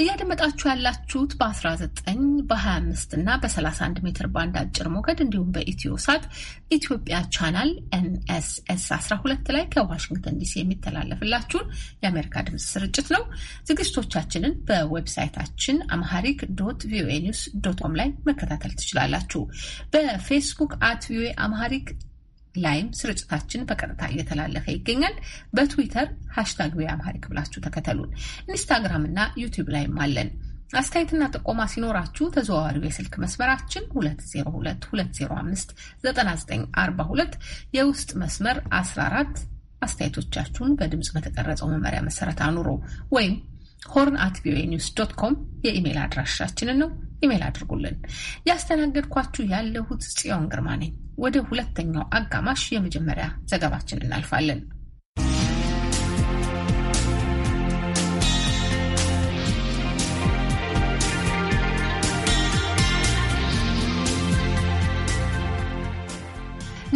እያደመጣችሁ ያላችሁት በ19 በ25 እና በ31 ሜትር ባንድ አጭር ሞገድ እንዲሁም በኢትዮ ሳት ኢትዮጵያ ቻናል ኤንኤስኤስ 12 ላይ ከዋሽንግተን ዲሲ የሚተላለፍላችሁን የአሜሪካ ድምፅ ስርጭት ነው። ዝግጅቶቻችንን በዌብሳይታችን አምሃሪክ ዶት ቪኦኤ ኒውስ ዶት ኮም ላይ መከታተል ትችላላችሁ። በፌስቡክ አት ቪኦኤ አምሃሪክ ላይም ስርጭታችን በቀጥታ እየተላለፈ ይገኛል። በትዊተር ሃሽታግ ቪኦኤ ብላችሁ ተከተሉን። ኢንስታግራም እና ዩቲዩብ ላይም አለን። አስተያየትና ጥቆማ ሲኖራችሁ ተዘዋዋሪው የስልክ መስመራችን 2022059942 የውስጥ መስመር 14 አስተያየቶቻችሁን በድምፅ በተቀረጸው መመሪያ መሰረት አኑሮ ወይም ሆርን አት ቪኦኤ ኒውስ ዶት ኮም የኢሜይል አድራሻችንን ነው ኢሜል አድርጉልን። ያስተናገድኳችሁ ያለሁት ጽዮን ግርማ ነኝ። ወደ ሁለተኛው አጋማሽ የመጀመሪያ ዘገባችን እናልፋለን።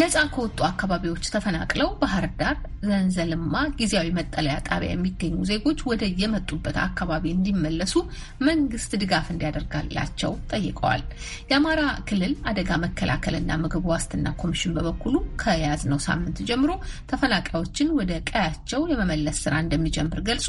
ነጻ ከወጡ አካባቢዎች ተፈናቅለው ባህር ዳር ዘንዘልማ ጊዜያዊ መጠለያ ጣቢያ የሚገኙ ዜጎች ወደ የመጡበት አካባቢ እንዲመለሱ መንግስት ድጋፍ እንዲያደርጋላቸው ጠይቀዋል። የአማራ ክልል አደጋ መከላከልና ምግብ ዋስትና ኮሚሽን በበኩሉ ከያዝነው ሳምንት ጀምሮ ተፈናቃዮችን ወደ ቀያቸው የመመለስ ስራ እንደሚጀምር ገልጾ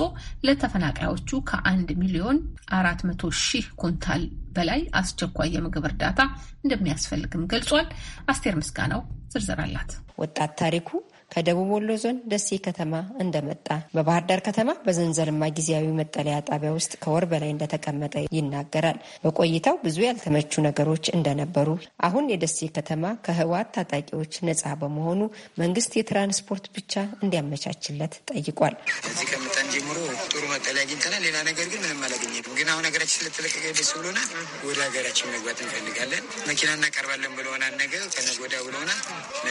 ለተፈናቃዮቹ ከአንድ ሚሊዮን አራት መቶ ሺህ ኩንታል በላይ አስቸኳይ የምግብ እርዳታ እንደሚያስፈልግም ገልጿል። አስቴር ምስጋናው ዝርዝር አላት። ወጣት ታሪኩ ከደቡብ ወሎ ዞን ደሴ ከተማ እንደመጣ በባህር ዳር ከተማ በዘንዘልማ ጊዜያዊ መጠለያ ጣቢያ ውስጥ ከወር በላይ እንደተቀመጠ ይናገራል። በቆይታው ብዙ ያልተመቹ ነገሮች እንደነበሩ፣ አሁን የደሴ ከተማ ከህወሓት ታጣቂዎች ነጻ በመሆኑ መንግስት የትራንስፖርት ብቻ እንዲያመቻችለት ጠይቋል። እዚህ ከመጣን ጀምሮ ጥሩ መጠለያ አግኝተናል። ሌላ ነገር ግን ምንም አላገኘንም። ግን አሁን ሀገራችን ስለተለቀቀ ደስ ብሎናል። ወደ ሀገራችን መግባት እንፈልጋለን። መኪና እናቀርባለን ብለሆናል። ነገር ከነገ ወዲያ ብለሆናል።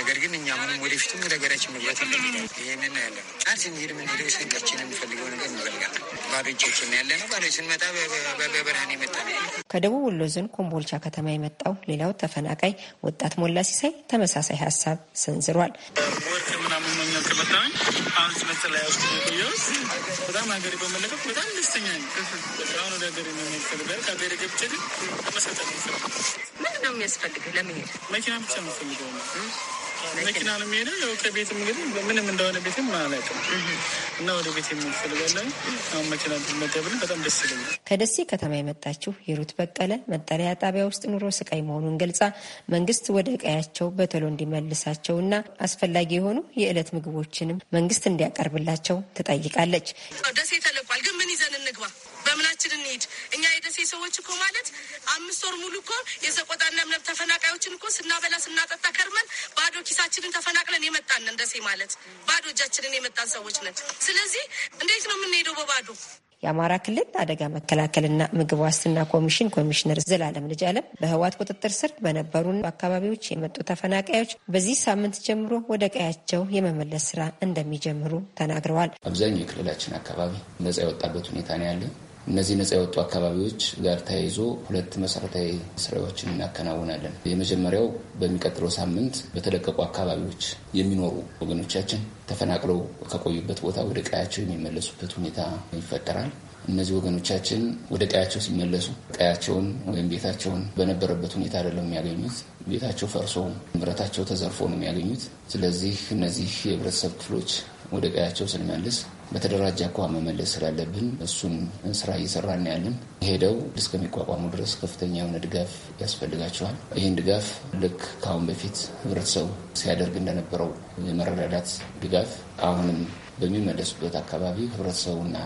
ነገር ግን እኛ ምንም ወደፊትም ወደ ሀገራችን ራሳችን ንብረት ይህንን ያለ ነው። ጫት ስንሄድ ሄደ ስንቀችን የምፈልገው ነገር እንፈልጋለን። ባዶ እጃችን ያለ ነው። ባዶ ስንመጣ በብርሃን የመጣ ነው። ከደቡብ ወሎ ዞን ኮምቦልቻ ከተማ የመጣው ሌላው ተፈናቃይ ወጣት ሞላ ሲሳይ ተመሳሳይ ሀሳብ ሰንዝሯል። ወርቅ ምናምን መኛት ከመጣኝ አሁን መጠለያ ውስጥ ስ በጣም ሀገሬ በመለቀቅ በጣም ደስተኛ ነኝ። አሁን ወደ ሀገሬ የሚፈልጋል ከሀገሬ ገብቼ ግን መሰጠ ምንድን ነው የሚያስፈልግህ? ለመሄድ መኪና ብቻ ነው ፈልገው መኪና ነው የሚሄደው። ያው ከቤትም እንግዲህ ምንም እንደሆነ ቤትም አላውቅም እና ወደ ቤት የምንፈልጋለን። አሁን መኪና መገብን በጣም ደስ ይለኛል። ከደሴ ከተማ የመጣችው የሩት በቀለ መጠለያ ጣቢያ ውስጥ ኑሮ ስቃይ መሆኑን ገልጻ መንግስት ወደ ቀያቸው በቶሎ እንዲመልሳቸው እና አስፈላጊ የሆኑ የዕለት ምግቦችንም መንግስት እንዲያቀርብላቸው ትጠይቃለች። ደሴ ተለቋል፣ ግን ምን ይዘን እንግባ በምናችን እንሄድ? እኛ የደሴ ሰዎች እኮ ማለት አምስት ወር ሙሉ እኮ የዘቆጣና እምነት ተፈናቃዮችን እኮ ስናበላ ስናጠጣ ከርመን ባዶ ኪሳችንን ተፈናቅለን የመጣን ደሴ ማለት ባዶ እጃችንን የመጣን ሰዎች ነን። ስለዚህ እንዴት ነው የምንሄደው በባዶ? የአማራ ክልል አደጋ መከላከልና ምግብ ዋስትና ኮሚሽን ኮሚሽነር ዘላለም ልጅ አለም በህወሓት ቁጥጥር ስር በነበሩ አካባቢዎች የመጡ ተፈናቃዮች በዚህ ሳምንት ጀምሮ ወደ ቀያቸው የመመለስ ስራ እንደሚጀምሩ ተናግረዋል። አብዛኛው የክልላችን አካባቢ ነጻ የወጣበት ሁኔታ ነው ያለ። እነዚህ ነጻ የወጡ አካባቢዎች ጋር ተያይዞ ሁለት መሰረታዊ ስራዎችን እናከናውናለን። የመጀመሪያው በሚቀጥለው ሳምንት በተለቀቁ አካባቢዎች የሚኖሩ ወገኖቻችን ተፈናቅለው ከቆዩበት ቦታ ወደ ቀያቸው የሚመለሱበት ሁኔታ ይፈጠራል። እነዚህ ወገኖቻችን ወደ ቀያቸው ሲመለሱ ቀያቸውን ወይም ቤታቸውን በነበረበት ሁኔታ አይደለም የሚያገኙት። ቤታቸው ፈርሶ ንብረታቸው ተዘርፎ ነው የሚያገኙት። ስለዚህ እነዚህ የህብረተሰብ ክፍሎች ወደ ቀያቸው ስንመልስ በተደራጀ አኳኋን መመለስ ስላለብን እሱን ስራ እየሰራን ያለን። ሄደው እስከሚቋቋሙ ድረስ ከፍተኛ የሆነ ድጋፍ ያስፈልጋቸዋል። ይህን ድጋፍ ልክ ከአሁን በፊት ህብረተሰቡ ሲያደርግ እንደነበረው የመረዳዳት ድጋፍ አሁንም በሚመለሱበት አካባቢ ህብረተሰቡና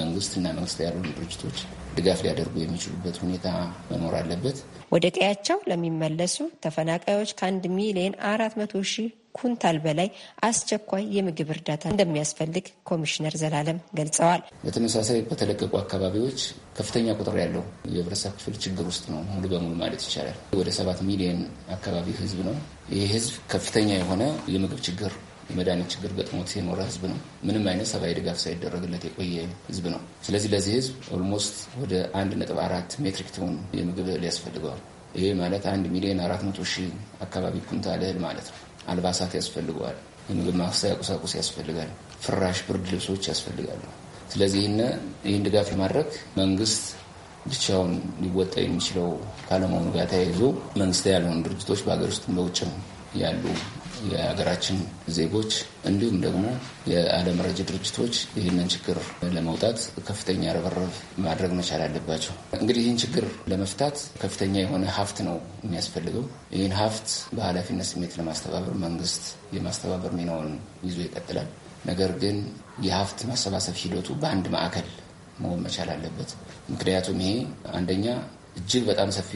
መንግስት እና መንግስት ያሉ ድርጅቶች ድጋፍ ሊያደርጉ የሚችሉበት ሁኔታ መኖር አለበት። ወደ ቀያቸው ለሚመለሱ ተፈናቃዮች ከአንድ ሚሊዮን አራት መቶ ሺህ ኩንታል በላይ አስቸኳይ የምግብ እርዳታ እንደሚያስፈልግ ኮሚሽነር ዘላለም ገልጸዋል። በተመሳሳይ በተለቀቁ አካባቢዎች ከፍተኛ ቁጥር ያለው የህብረተሰብ ክፍል ችግር ውስጥ ነው፣ ሙሉ በሙሉ ማለት ይቻላል። ወደ ሰባት ሚሊዮን አካባቢ ህዝብ ነው። ይህ ህዝብ ከፍተኛ የሆነ የምግብ ችግር የመድኃኒት ችግር ገጥሞት የኖረ ህዝብ ነው። ምንም አይነት ሰብአዊ ድጋፍ ሳይደረግለት የቆየ ህዝብ ነው። ስለዚህ ለዚህ ህዝብ ኦልሞስት ወደ አንድ ነጥብ አራት ሜትሪክ ቶን የምግብ እህል ያስፈልገዋል። ይህ ማለት አንድ ሚሊዮን አራት መቶ ሺህ አካባቢ ኩንታል እህል ማለት ነው። አልባሳት ያስፈልገዋል፣ የምግብ ማብሰያ ቁሳቁስ ያስፈልጋል፣ ፍራሽ፣ ብርድ ልብሶች ያስፈልጋሉ። ስለዚህ ይህን ድጋፍ የማድረግ መንግስት ብቻውን ሊወጣ የሚችለው ካለመሆኑ ጋር ተያይዞ መንግስት ያልሆኑ ድርጅቶች በሀገር ውስጥም በውጭ ነው ያሉ የሀገራችን ዜጎች እንዲሁም ደግሞ የዓለም ረጅ ድርጅቶች ይህንን ችግር ለመውጣት ከፍተኛ ርብርብ ማድረግ መቻል አለባቸው። እንግዲህ ይህን ችግር ለመፍታት ከፍተኛ የሆነ ሀብት ነው የሚያስፈልገው። ይህን ሀብት በኃላፊነት ስሜት ለማስተባበር መንግስት የማስተባበር ሚናውን ይዞ ይቀጥላል። ነገር ግን የሀብት ማሰባሰብ ሂደቱ በአንድ ማዕከል መሆን መቻል አለበት። ምክንያቱም ይሄ አንደኛ እጅግ በጣም ሰፊ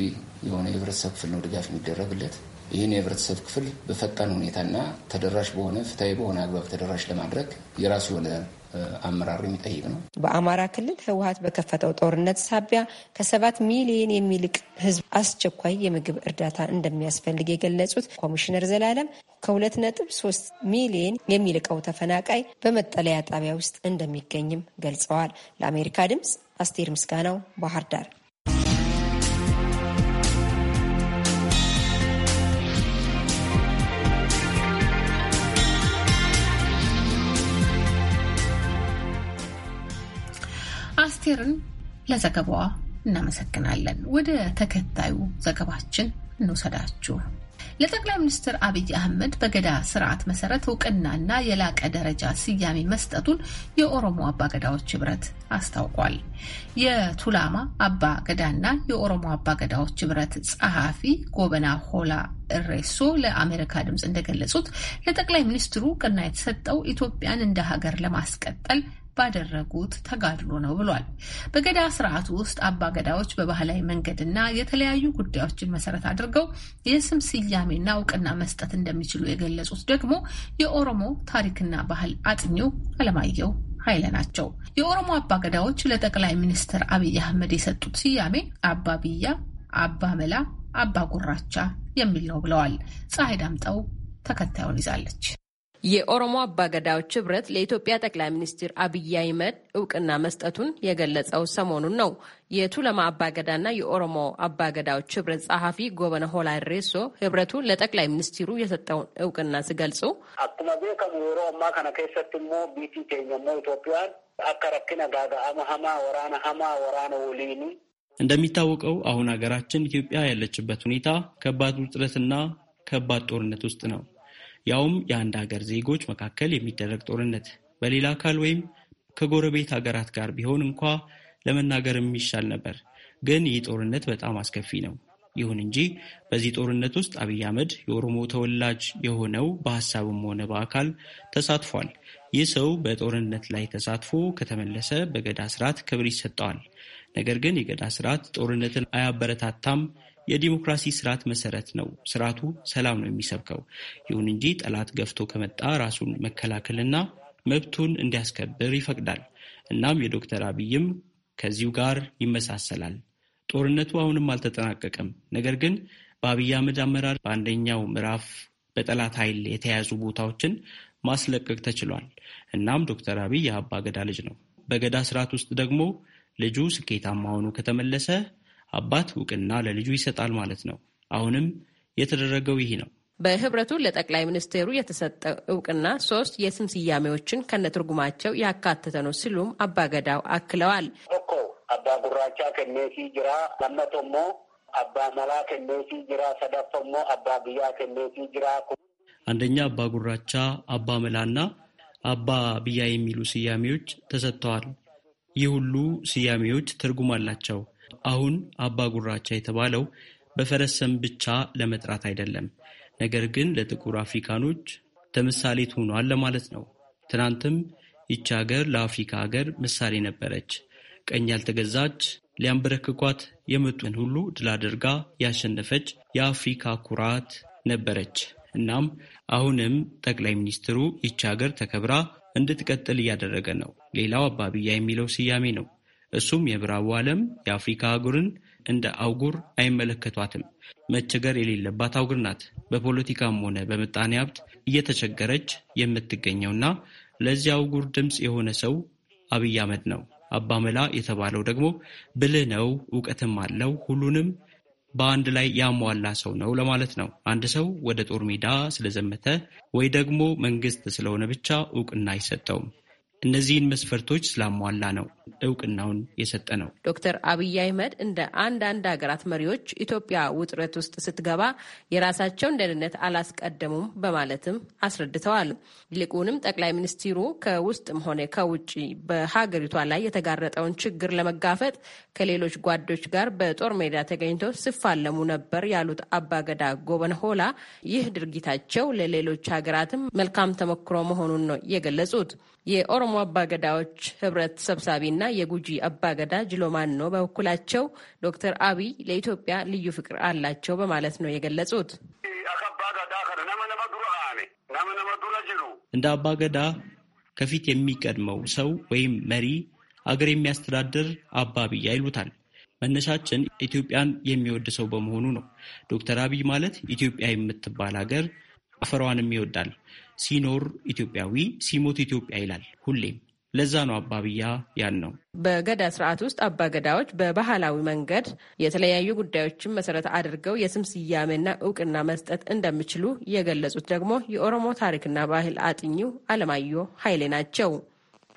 የሆነ የህብረተሰብ ክፍል ነው ድጋፍ የሚደረግለት ይህን የህብረተሰብ ክፍል በፈጣን ሁኔታና ተደራሽ በሆነ ፍትሐዊ በሆነ አግባብ ተደራሽ ለማድረግ የራሱ የሆነ አመራር የሚጠይቅ ነው። በአማራ ክልል ህወሀት በከፈተው ጦርነት ሳቢያ ከሰባት ሚሊዮን የሚልቅ ህዝብ አስቸኳይ የምግብ እርዳታ እንደሚያስፈልግ የገለጹት ኮሚሽነር ዘላለም ከሁለት ነጥብ ሶስት ሚሊዮን የሚልቀው ተፈናቃይ በመጠለያ ጣቢያ ውስጥ እንደሚገኝም ገልጸዋል። ለአሜሪካ ድምፅ አስቴር ምስጋናው ባህር ዳር አስቴርን ለዘገባዋ እናመሰግናለን። ወደ ተከታዩ ዘገባችን እንውሰዳችሁ። ለጠቅላይ ሚኒስትር አብይ አህመድ በገዳ ስርዓት መሰረት እውቅናና የላቀ ደረጃ ስያሜ መስጠቱን የኦሮሞ አባ ገዳዎች ህብረት አስታውቋል። የቱላማ አባ ገዳና የኦሮሞ ገዳዎች ህብረት ጸሐፊ ጎበና ሆላ እሬሶ ለአሜሪካ ድምፅ እንደገለጹት ለጠቅላይ ሚኒስትሩ እውቅና የተሰጠው ኢትዮጵያን እንደ ሀገር ለማስቀጠል ባደረጉት ተጋድሎ ነው ብሏል። በገዳ ስርዓት ውስጥ አባ ገዳዎች በባህላዊ መንገድና የተለያዩ ጉዳዮችን መሰረት አድርገው የስም ስያሜና እውቅና መስጠት እንደሚችሉ የገለጹት ደግሞ የኦሮሞ ታሪክና ባህል አጥኚው አለማየሁ ኃይለ ናቸው። የኦሮሞ አባ ገዳዎች ለጠቅላይ ሚኒስትር አብይ አህመድ የሰጡት ስያሜ አባ ብያ፣ አባ መላ፣ አባ ጉራቻ የሚል ነው ብለዋል። ፀሐይ ዳምጠው ተከታዩን ይዛለች። የኦሮሞ አባገዳዎች ህብረት ለኢትዮጵያ ጠቅላይ ሚኒስትር አብይ አህመድ እውቅና መስጠቱን የገለጸው ሰሞኑን ነው። የቱለማ አባገዳና የኦሮሞ አባገዳዎች ህብረት ጸሐፊ ጎበነ ሆላ ሬሶ ህብረቱ ለጠቅላይ ሚኒስትሩ የሰጠውን እውቅና ሲገልጹ አኩመ ቤከሙ የሮ አማ ከነ ከሰት ሞ ቢቲ ኬኘሞ ኢትዮጵያን አከረክነ ጋጋአመ ሀማ ወራነ ሀማ ወራነ ውሊኒ እንደሚታወቀው አሁን ሀገራችን ኢትዮጵያ ያለችበት ሁኔታ ከባድ ውጥረትና ከባድ ጦርነት ውስጥ ነው። ያውም የአንድ ሀገር ዜጎች መካከል የሚደረግ ጦርነት በሌላ አካል ወይም ከጎረቤት ሀገራት ጋር ቢሆን እንኳ ለመናገር የሚሻል ነበር። ግን ይህ ጦርነት በጣም አስከፊ ነው። ይሁን እንጂ በዚህ ጦርነት ውስጥ አብይ አህመድ የኦሮሞ ተወላጅ የሆነው በሀሳብም ሆነ በአካል ተሳትፏል። ይህ ሰው በጦርነት ላይ ተሳትፎ ከተመለሰ በገዳ ስርዓት ክብር ይሰጠዋል። ነገር ግን የገዳ ስርዓት ጦርነትን አያበረታታም፣ የዲሞክራሲ ስርዓት መሰረት ነው። ስርዓቱ ሰላም ነው የሚሰብከው። ይሁን እንጂ ጠላት ገፍቶ ከመጣ ራሱን መከላከልና መብቱን እንዲያስከብር ይፈቅዳል። እናም የዶክተር አብይም ከዚሁ ጋር ይመሳሰላል። ጦርነቱ አሁንም አልተጠናቀቀም። ነገር ግን በአብይ አህመድ አመራር በአንደኛው ምዕራፍ በጠላት ኃይል የተያዙ ቦታዎችን ማስለቀቅ ተችሏል። እናም ዶክተር አብይ የአባ ገዳ ልጅ ነው። በገዳ ስርዓት ውስጥ ደግሞ ልጁ ስኬታማ ሆኖ ከተመለሰ አባት እውቅና ለልጁ ይሰጣል ማለት ነው። አሁንም የተደረገው ይህ ነው። በህብረቱ ለጠቅላይ ሚኒስትሩ የተሰጠ እውቅና ሶስት የስም ስያሜዎችን ከነትርጉማቸው ያካተተ ነው ሲሉም አባገዳው አክለዋል። እኮ አባ ጉራቻ ከኔሲ ጅራ ለመቶሞ አባ መላ ከኔሲ ጅራ ሰዳፈሞ አባ ብያ ከኔሲ ጅራ አንደኛ አባ ጉራቻ፣ አባ መላና አባ ብያ የሚሉ ስያሜዎች ተሰጥተዋል። ይህ ሁሉ ስያሜዎች ትርጉም አላቸው። አሁን አባ ጉራቻ የተባለው በፈረስ ስም ብቻ ለመጥራት አይደለም፣ ነገር ግን ለጥቁር አፍሪካኖች ተምሳሌት ሆኗል ለማለት ነው። ትናንትም ይቺ ሀገር ለአፍሪካ ሀገር ምሳሌ ነበረች። ቀኝ ያልተገዛች ሊያንበረክኳት የመጡን ሁሉ ድል አድርጋ ያሸነፈች የአፍሪካ ኩራት ነበረች። እናም አሁንም ጠቅላይ ሚኒስትሩ ይቺ ሀገር ተከብራ እንድትቀጥል እያደረገ ነው። ሌላው አባብያ የሚለው ስያሜ ነው። እሱም የምዕራቡ ዓለም የአፍሪካ አህጉርን እንደ አውጉር አይመለከቷትም። መቸገር የሌለባት አውጉር ናት። በፖለቲካም ሆነ በምጣኔ ሀብት እየተቸገረች የምትገኘውና ለዚህ አውጉር ድምፅ የሆነ ሰው አብይ አህመድ ነው። አባመላ የተባለው ደግሞ ብልህ ነው፣ እውቀትም አለው፣ ሁሉንም በአንድ ላይ ያሟላ ሰው ነው ለማለት ነው። አንድ ሰው ወደ ጦር ሜዳ ስለዘመተ ወይ ደግሞ መንግስት ስለሆነ ብቻ እውቅና አይሰጠውም። እነዚህን መስፈርቶች ስላሟላ ነው እውቅናውን የሰጠ ነው። ዶክተር አብይ አህመድ እንደ አንዳንድ ሀገራት መሪዎች ኢትዮጵያ ውጥረት ውስጥ ስትገባ የራሳቸውን ደህንነት አላስቀደሙም በማለትም አስረድተዋል። ይልቁንም ጠቅላይ ሚኒስትሩ ከውስጥም ሆነ ከውጭ በሀገሪቷ ላይ የተጋረጠውን ችግር ለመጋፈጥ ከሌሎች ጓዶች ጋር በጦር ሜዳ ተገኝተው ሲፋለሙ ነበር ያሉት አባገዳ ጎበንሆላ ሆላ ይህ ድርጊታቸው ለሌሎች ሀገራትም መልካም ተሞክሮ መሆኑን ነው የገለጹት። የኦሮሞ የኦሮሞ አባገዳዎች ህብረት ሰብሳቢና የጉጂ አባገዳ ነው በበኩላቸው ዶክተር አብይ ለኢትዮጵያ ልዩ ፍቅር አላቸው በማለት ነው የገለጹት። እንደ አባገዳ ከፊት የሚቀድመው ሰው ወይም መሪ አገር የሚያስተዳድር አባቢ ብያ ይሉታል። መነሻችን ኢትዮጵያን የሚወድ ሰው በመሆኑ ነው። ዶክተር አብይ ማለት ኢትዮጵያ የምትባል ሀገር አፈሯንም ይወዳል። ሲኖር ኢትዮጵያዊ ሲሞት ኢትዮጵያ ይላል ሁሌም። ለዛ ነው አባብያ ያን ነው። በገዳ ስርዓት ውስጥ አባገዳዎች በባህላዊ መንገድ የተለያዩ ጉዳዮችን መሰረት አድርገው የስም ስያሜና እውቅና መስጠት እንደሚችሉ የገለጹት ደግሞ የኦሮሞ ታሪክና ባህል አጥኚው አለማየሁ ኃይሌ ናቸው።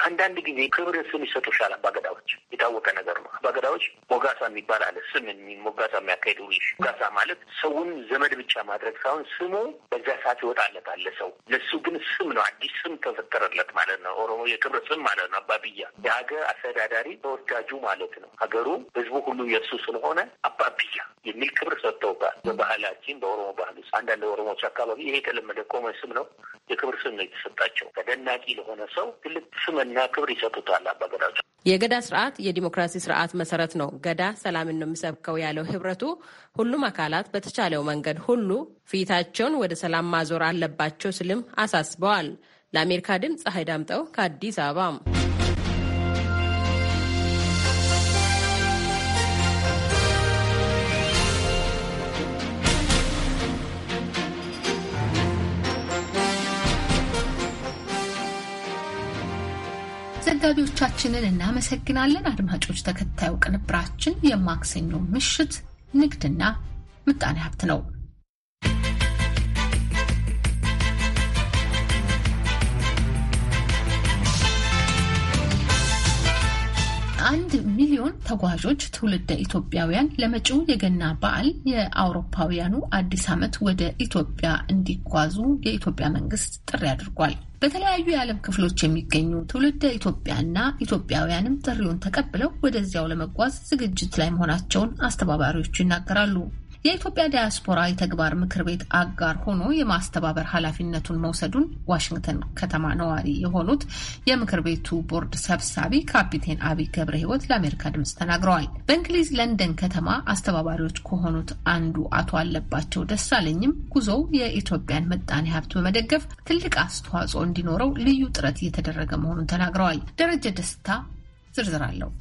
አንዳንድ ጊዜ ክብር ስም ይሰጡሻል። አባገዳዎች የታወቀ ነገር ነው። አባገዳዎች ሞጋሳ የሚባል አለ። ስም ሞጋሳ የሚያካሄዱ ሞጋሳ ማለት ሰውን ዘመድ ብቻ ማድረግ ሳይሆን ስሙ በዛ ሰዓት ይወጣለት አለ ሰው ለሱ ግን ስም ነው። አዲስ ስም ተፈጠረለት ማለት ነው። ኦሮሞ የክብር ስም ማለት ነው። አባብያ የሀገር አስተዳዳሪ ተወዳጁ ማለት ነው። ሀገሩ ህዝቡ ሁሉ የእሱ ስለሆነ አባብያ የሚል ክብር ሰጥተውታል። በባህላችን በኦሮሞ ባህል ውስጥ አንዳንድ ኦሮሞዎች አካባቢ ይሄ የተለመደ ቆመ ስም ነው። የክብር ስም ነው የተሰጣቸው። ተደናቂ ለሆነ ሰው ትልቅ ስም ከፍተኛ ክብር ይሰጡታል አባገዳዎች። የገዳ ስርዓት የዲሞክራሲ ስርዓት መሰረት ነው። ገዳ ሰላምን ነው የሚሰብከው ያለው ህብረቱ፣ ሁሉም አካላት በተቻለው መንገድ ሁሉ ፊታቸውን ወደ ሰላም ማዞር አለባቸው ስልም አሳስበዋል። ለአሜሪካ ድምፅ ፀሐይ ዳምጠው ከአዲስ አበባ ዘጋቢዎቻችንን እናመሰግናለን። አድማጮች፣ ተከታዩ ቅንብራችን የማክሰኞ ምሽት ንግድና ምጣኔ ሀብት ነው። አንድ ሚሊዮን ተጓዦች ትውልደ ኢትዮጵያውያን ለመጪው የገና በዓል የአውሮፓውያኑ አዲስ ዓመት ወደ ኢትዮጵያ እንዲጓዙ የኢትዮጵያ መንግስት ጥሪ አድርጓል። በተለያዩ የዓለም ክፍሎች የሚገኙ ትውልደ ኢትዮጵያና ኢትዮጵያውያንም ጥሪውን ተቀብለው ወደዚያው ለመጓዝ ዝግጅት ላይ መሆናቸውን አስተባባሪዎቹ ይናገራሉ። የኢትዮጵያ ዲያስፖራ የተግባር ምክር ቤት አጋር ሆኖ የማስተባበር ኃላፊነቱን መውሰዱን ዋሽንግተን ከተማ ነዋሪ የሆኑት የምክር ቤቱ ቦርድ ሰብሳቢ ካፒቴን አብይ ገብረ ሕይወት ለአሜሪካ ድምጽ ተናግረዋል። በእንግሊዝ ለንደን ከተማ አስተባባሪዎች ከሆኑት አንዱ አቶ አለባቸው ደሳለኝም ጉዞው የኢትዮጵያን መጣኔ ሀብት በመደገፍ ትልቅ አስተዋጽኦ እንዲኖረው ልዩ ጥረት እየተደረገ መሆኑን ተናግረዋል። ደረጀ ደስታ ዝርዝር አለው።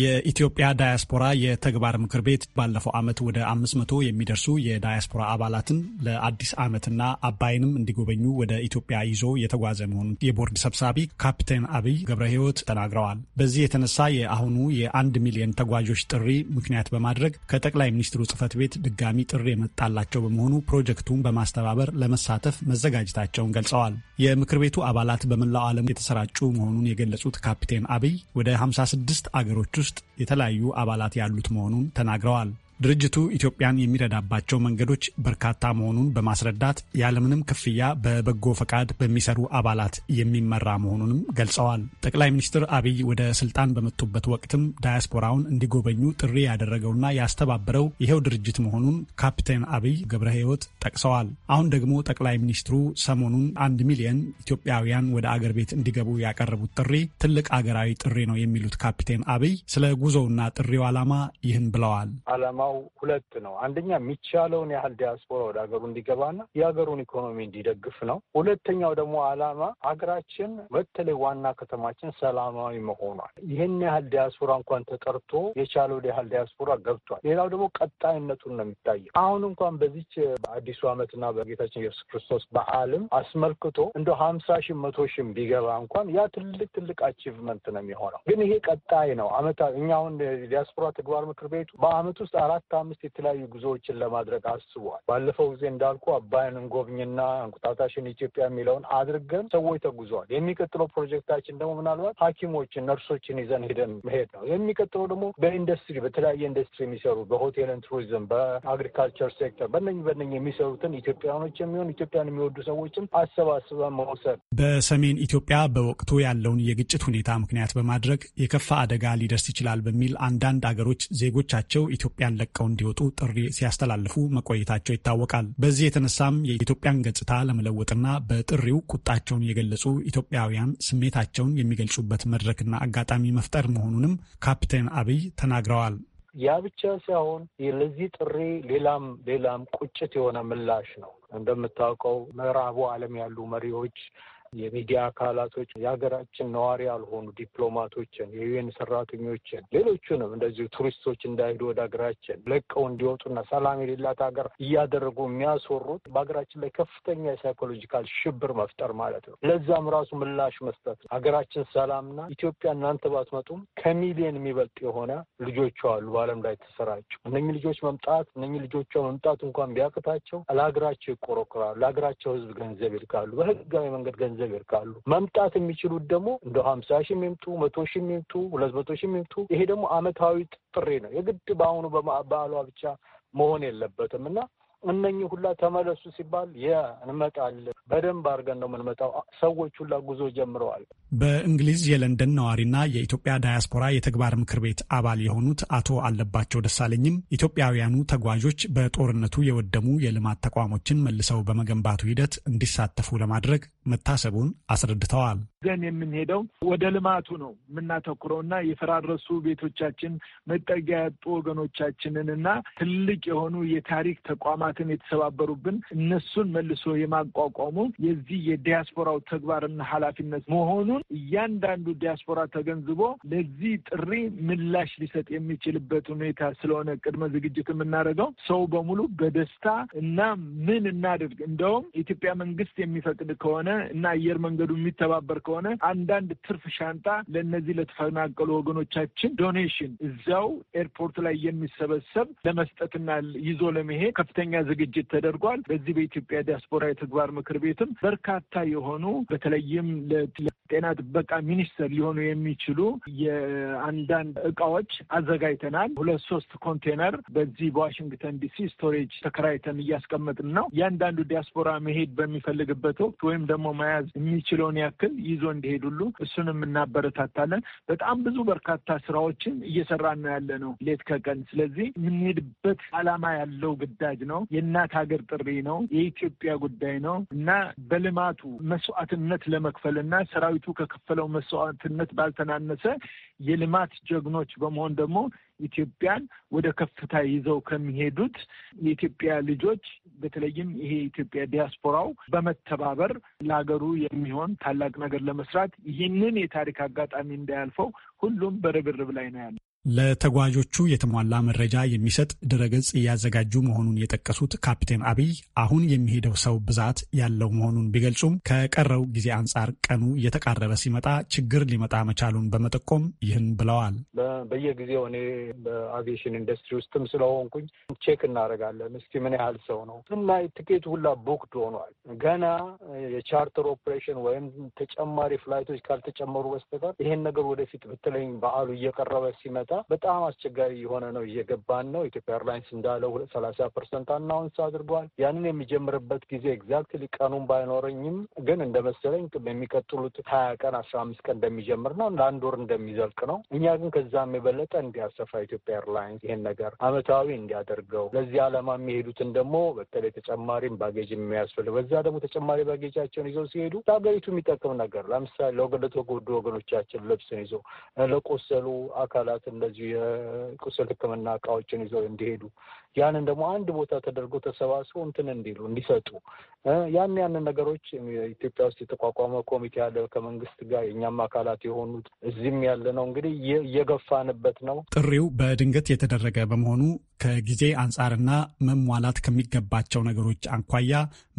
የኢትዮጵያ ዳያስፖራ የተግባር ምክር ቤት ባለፈው ዓመት ወደ አምስት መቶ የሚደርሱ የዳያስፖራ አባላትን ለአዲስ ዓመትና አባይንም እንዲጎበኙ ወደ ኢትዮጵያ ይዞ የተጓዘ መሆኑን የቦርድ ሰብሳቢ ካፕቴን አብይ ገብረ ሕይወት ተናግረዋል። በዚህ የተነሳ የአሁኑ የአንድ ሚሊዮን ተጓዦች ጥሪ ምክንያት በማድረግ ከጠቅላይ ሚኒስትሩ ጽህፈት ቤት ድጋሚ ጥሪ የመጣላቸው በመሆኑ ፕሮጀክቱን በማስተባበር ለመሳተፍ መዘጋጀታቸውን ገልጸዋል። የምክር ቤቱ አባላት በመላው ዓለም የተሰራጩ መሆኑን የገለጹት ካፕቴን አብይ ወደ 56 አገሮች ውስጥ የተለያዩ አባላት ያሉት መሆኑን ተናግረዋል። ድርጅቱ ኢትዮጵያን የሚረዳባቸው መንገዶች በርካታ መሆኑን በማስረዳት ያለምንም ክፍያ በበጎ ፈቃድ በሚሰሩ አባላት የሚመራ መሆኑንም ገልጸዋል። ጠቅላይ ሚኒስትር አብይ ወደ ስልጣን በመጡበት ወቅትም ዳያስፖራውን እንዲጎበኙ ጥሪ ያደረገውና ያስተባበረው ይኸው ድርጅት መሆኑን ካፕቴን አብይ ገብረ ሕይወት ጠቅሰዋል። አሁን ደግሞ ጠቅላይ ሚኒስትሩ ሰሞኑን አንድ ሚሊየን ኢትዮጵያውያን ወደ አገር ቤት እንዲገቡ ያቀረቡት ጥሪ ትልቅ አገራዊ ጥሪ ነው የሚሉት ካፕቴን አብይ ስለ ጉዞውና ጥሪው ዓላማ ይህን ብለዋል። ዓላማው ዋናው ሁለት ነው። አንደኛ የሚቻለውን ያህል ዲያስፖራ ወደ ሀገሩ እንዲገባና የሀገሩን ኢኮኖሚ እንዲደግፍ ነው። ሁለተኛው ደግሞ ዓላማ ሀገራችን በተለይ ዋና ከተማችን ሰላማዊ መሆኗል። ይህን ያህል ዲያስፖራ እንኳን ተጠርቶ የቻለው ያህል ዲያስፖራ ገብቷል። ሌላው ደግሞ ቀጣይነቱን ነው የሚታየው። አሁን እንኳን በዚች በአዲሱ ዓመትና በጌታችን ኢየሱስ ክርስቶስ በዓልም አስመልክቶ እንደ ሀምሳ ሺ መቶ ሺም ቢገባ እንኳን ያ ትልቅ ትልቅ አቺቭመንት ነው የሚሆነው። ግን ይሄ ቀጣይ ነው። አመታ እኛ አሁን ዲያስፖራ ተግባር ምክር ቤቱ በአመት ውስጥ አራት አራት አምስት የተለያዩ ጉዞዎችን ለማድረግ አስቧል። ባለፈው ጊዜ እንዳልኩ አባይን እንጎብኝና እንቁጣጣሽን ኢትዮጵያ የሚለውን አድርገን ሰዎች ተጉዘዋል። የሚቀጥለው ፕሮጀክታችን ደግሞ ምናልባት ሐኪሞችን ነርሶችን ይዘን ሄደን መሄድ ነው። የሚቀጥለው ደግሞ በኢንዱስትሪ በተለያየ ኢንዱስትሪ የሚሰሩ በሆቴልን ቱሪዝም፣ በአግሪካልቸር ሴክተር በነኝ በነኝ የሚሰሩትን ኢትዮጵያኖች የሚሆን ኢትዮጵያን የሚወዱ ሰዎችን አሰባስበን መውሰድ በሰሜን ኢትዮጵያ በወቅቱ ያለውን የግጭት ሁኔታ ምክንያት በማድረግ የከፋ አደጋ ሊደርስ ይችላል በሚል አንዳንድ አገሮች ዜጎቻቸው ኢትዮጵያን ለቀው እንዲወጡ ጥሪ ሲያስተላልፉ መቆየታቸው ይታወቃል። በዚህ የተነሳም የኢትዮጵያን ገጽታ ለመለወጥና በጥሪው ቁጣቸውን የገለጹ ኢትዮጵያውያን ስሜታቸውን የሚገልጹበት መድረክና አጋጣሚ መፍጠር መሆኑንም ካፕቴን አብይ ተናግረዋል። ያ ብቻ ሳይሆን ለዚህ ጥሪ ሌላም ሌላም ቁጭት የሆነ ምላሽ ነው። እንደምታውቀው ምዕራቡ ዓለም ያሉ መሪዎች የሚዲያ አካላቶች፣ የሀገራችን ነዋሪ ያልሆኑ ዲፕሎማቶችን፣ የዩኤን ሰራተኞችን፣ ሌሎቹንም እንደዚሁ ቱሪስቶች እንዳይሄዱ ወደ ሀገራችን ለቀው እንዲወጡና ሰላም የሌላት ሀገር እያደረጉ የሚያስወሩት በሀገራችን ላይ ከፍተኛ የሳይኮሎጂካል ሽብር መፍጠር ማለት ነው። ለዛም ራሱ ምላሽ መስጠት ነው። ሀገራችን ሰላምና ኢትዮጵያ እናንተ ባትመጡም ከሚሊዮን የሚበልጥ የሆነ ልጆቿ አሉ በዓለም ላይ ተሰራጩ። እነኚህ ልጆች መምጣት እነኚህ ልጆቿ መምጣት እንኳን ቢያቅታቸው ለሀገራቸው ይቆረቁራሉ። ለሀገራቸው ህዝብ ገንዘብ ይልካሉ። በህጋዊ መንገድ ገንዘብ እግዚአብሔር ካሉ መምጣት የሚችሉት ደግሞ እንደ ሀምሳ ሺ የሚምጡ መቶ ሺ የሚምጡ ሁለት መቶ ሺ የሚምጡ ይሄ ደግሞ አመታዊ ጥሪ ነው። የግድ በአሁኑ በዓሏ ብቻ መሆን የለበትም እና እነኚህ ሁላ ተመለሱ ሲባል እንመጣለን። በደንብ አድርገን ነው የምንመጣው። ሰዎች ሁላ ጉዞ ጀምረዋል። በእንግሊዝ የለንደን ነዋሪና የኢትዮጵያ ዳያስፖራ የተግባር ምክር ቤት አባል የሆኑት አቶ አለባቸው ደሳለኝም ኢትዮጵያውያኑ ተጓዦች በጦርነቱ የወደሙ የልማት ተቋሞችን መልሰው በመገንባቱ ሂደት እንዲሳተፉ ለማድረግ መታሰቡን አስረድተዋል። ዘን የምንሄደው ወደ ልማቱ ነው የምናተኩረውና የፈራረሱ ቤቶቻችን መጠጊያ ያጡ ወገኖቻችንን እና ትልቅ የሆኑ የታሪክ ተቋማትን የተሰባበሩብን እነሱን መልሶ የማቋቋሙ የዚህ የዲያስፖራው ተግባርና ኃላፊነት መሆኑን መሆኑን እያንዳንዱ ዲያስፖራ ተገንዝቦ ለዚህ ጥሪ ምላሽ ሊሰጥ የሚችልበት ሁኔታ ስለሆነ ቅድመ ዝግጅት የምናደርገው ሰው በሙሉ በደስታ እና ምን እናድርግ እንደውም ኢትዮጵያ መንግስት የሚፈቅድ ከሆነ እና አየር መንገዱ የሚተባበር ከሆነ አንዳንድ ትርፍ ሻንጣ ለእነዚህ ለተፈናቀሉ ወገኖቻችን ዶኔሽን እዚያው ኤርፖርት ላይ የሚሰበሰብ ለመስጠትና ይዞ ለመሄድ ከፍተኛ ዝግጅት ተደርጓል። በዚህ በኢትዮጵያ ዲያስፖራ የተግባር ምክር ቤትም በርካታ የሆኑ በተለይም ለጤና ጥበቃ ሚኒስቴር ሊሆኑ የሚችሉ የአንዳንድ እቃዎች አዘጋጅተናል። ሁለት ሶስት ኮንቴነር በዚህ በዋሽንግተን ዲሲ ስቶሬጅ ተከራይተን እያስቀመጥን ነው። እያንዳንዱ ዲያስፖራ መሄድ በሚፈልግበት ወቅት ወይም ደግሞ መያዝ የሚችለውን ያክል ይዞ እንዲሄድ ሁሉ እሱንም እናበረታታለን። በጣም ብዙ በርካታ ስራዎችን ነው ያለ ነው ሌት ከቀን። ስለዚህ የምንሄድበት አላማ ያለው ግዳጅ ነው። የእናት ሀገር ጥሪ ነው። የኢትዮጵያ ጉዳይ ነው እና በልማቱ መስዋዕትነት ለመክፈልና ሰራዊቱ ከከፈለው መስዋዕትነት ባልተናነሰ የልማት ጀግኖች በመሆን ደግሞ ኢትዮጵያን ወደ ከፍታ ይዘው ከሚሄዱት የኢትዮጵያ ልጆች በተለይም ይሄ የኢትዮጵያ ዲያስፖራው በመተባበር ለሀገሩ የሚሆን ታላቅ ነገር ለመስራት ይህንን የታሪክ አጋጣሚ እንዳያልፈው ሁሉም በርብርብ ላይ ነው ያለው። ለተጓዦቹ የተሟላ መረጃ የሚሰጥ ድረገጽ እያዘጋጁ መሆኑን የጠቀሱት ካፕቴን አብይ አሁን የሚሄደው ሰው ብዛት ያለው መሆኑን ቢገልጹም ከቀረው ጊዜ አንጻር ቀኑ እየተቃረበ ሲመጣ ችግር ሊመጣ መቻሉን በመጠቆም ይህን ብለዋል። በየጊዜው እኔ በአቪዬሽን ኢንዱስትሪ ውስጥም ስለሆንኩኝ ቼክ እናደርጋለን። እስኪ ምን ያህል ሰው ነው እና ትኬት ሁላ ቦክድ ሆኗል። ገና የቻርተር ኦፕሬሽን ወይም ተጨማሪ ፍላይቶች ካልተጨመሩ በስተቀር ይሄን ነገር ወደፊት ብትለኝ በዓሉ እየቀረበ ሲመጣ ሁኔታ በጣም አስቸጋሪ የሆነ ነው እየገባን ነው። ኢትዮጵያ ኤርላይንስ እንዳለው ሰላሳ ፐርሰንት አናውንስ አድርጓል። ያንን የሚጀምርበት ጊዜ ኤግዛክትሊ ቀኑን ባይኖረኝም ግን እንደመሰለኝ የሚቀጥሉት ሀያ ቀን አስራ አምስት ቀን እንደሚጀምር ነው ለአንድ ወር እንደሚዘልቅ ነው። እኛ ግን ከዛም የበለጠ እንዲያሰፋ ኢትዮጵያ ኤርላይንስ ይሄን ነገር አመታዊ እንዲያደርገው ለዚህ ዓላማ የሚሄዱትን ደግሞ በተለይ ተጨማሪም ባጌጅ የሚያስፈልግ በዛ ደግሞ ተጨማሪ ባጌጃቸውን ይዘው ሲሄዱ ለሀገሪቱ የሚጠቅም ነገር ለምሳሌ ለተጎዱ ወገኖቻችን ልብስን ይዞ ለቆሰሉ አካላትና እንደዚሁ የቁስል ሕክምና እቃዎችን ይዘው እንዲሄዱ ያንን ደግሞ አንድ ቦታ ተደርጎ ተሰባስቦ እንትን እንዲሉ እንዲሰጡ ያን ያንን ነገሮች ኢትዮጵያ ውስጥ የተቋቋመ ኮሚቴ ያለ ከመንግስት ጋር የእኛም አካላት የሆኑት እዚህም ያለ ነው እንግዲህ እየገፋንበት ነው። ጥሪው በድንገት የተደረገ በመሆኑ ከጊዜ አንጻርና መሟላት ከሚገባቸው ነገሮች አኳያ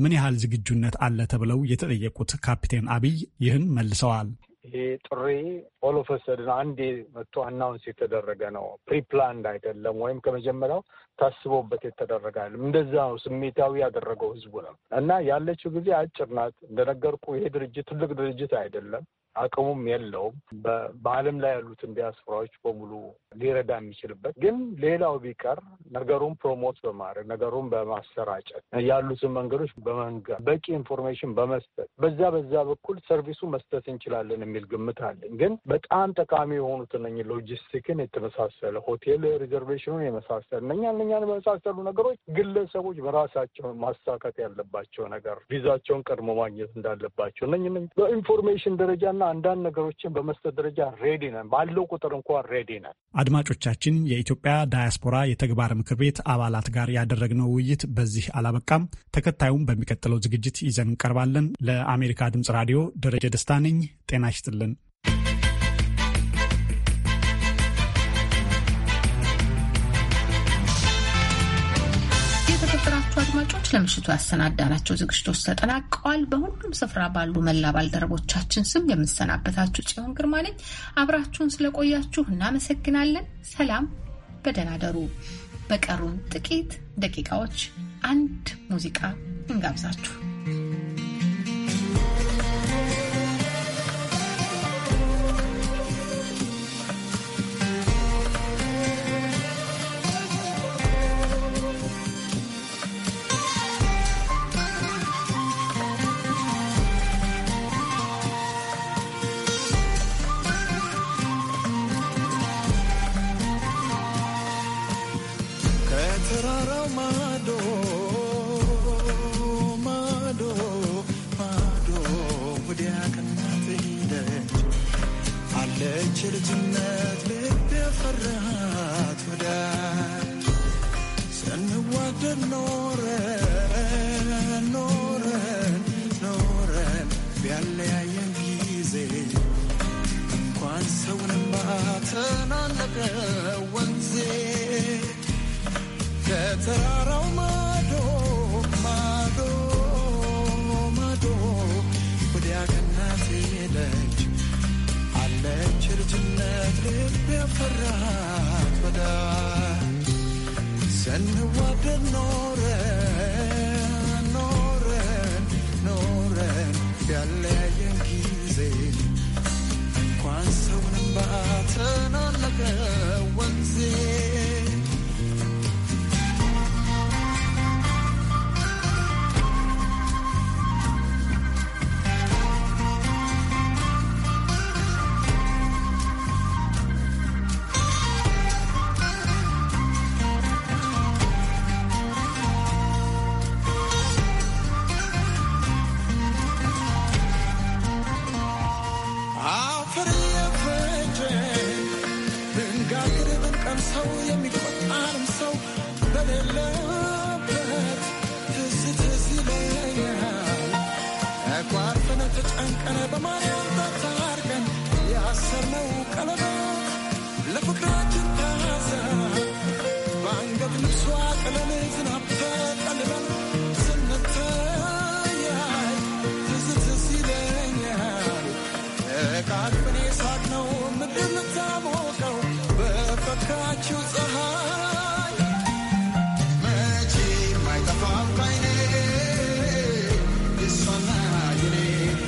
ምን ያህል ዝግጁነት አለ ተብለው የተጠየቁት ካፒቴን አብይ ይህን መልሰዋል። ይሄ ጥሪ ኦል ኦፍ አንዴ መጥቶ አናውንስ የተደረገ ነው። ፕሪፕላንድ አይደለም፣ ወይም ከመጀመሪያው ታስቦበት የተደረገ አይደለም። እንደዛ ነው ስሜታዊ ያደረገው ህዝቡ ነው እና ያለችው ጊዜ አጭር ናት። እንደነገርኩ ይሄ ድርጅት ትልቅ ድርጅት አይደለም። አቅሙም የለውም። በዓለም ላይ ያሉትን ዲያስፖራዎች በሙሉ ሊረዳ የሚችልበት ግን ሌላው ቢቀር ነገሩን ፕሮሞት በማድረግ ነገሩን በማሰራጨት ያሉትን መንገዶች በመንገር በቂ ኢንፎርሜሽን በመስጠት በዛ በዛ በኩል ሰርቪሱ መስጠት እንችላለን የሚል ግምት አለን። ግን በጣም ጠቃሚ የሆኑት እነ ሎጂስቲክን የተመሳሰለ ሆቴል ሪዘርቬሽኑን የመሳሰል እነኛ እነኛን የመሳሰሉ ነገሮች ግለሰቦች በራሳቸው ማሳካት ያለባቸው ነገር ቪዛቸውን ቀድሞ ማግኘት እንዳለባቸው እነ በኢንፎርሜሽን ደረጃ አንዳንድ ነገሮችን በመስጠት ደረጃ ሬዲ ነን። ባለው ቁጥር እንኳን ሬዲ ነን። አድማጮቻችን፣ የኢትዮጵያ ዳያስፖራ የተግባር ምክር ቤት አባላት ጋር ያደረግነው ውይይት በዚህ አላበቃም። ተከታዩም በሚቀጥለው ዝግጅት ይዘን እንቀርባለን። ለአሜሪካ ድምጽ ራዲዮ ደረጀ ደስታ ነኝ። ጤና ይስጥልን። አድማጮች ለምሽቱ ያሰናዳናቸው ዝግጅቶች ተጠናቀዋል። በሁሉም ስፍራ ባሉ መላ ባልደረቦቻችን ስም የምሰናበታችሁ ጽዮን ግርማ ነኝ። አብራችሁን ስለቆያችሁ እናመሰግናለን። ሰላም፣ በደህና ደሩ። በቀሩን ጥቂት ደቂቃዎች አንድ ሙዚቃ እንጋብዛችሁ። ከልጅነት ልብ የፈራሃት ወዳ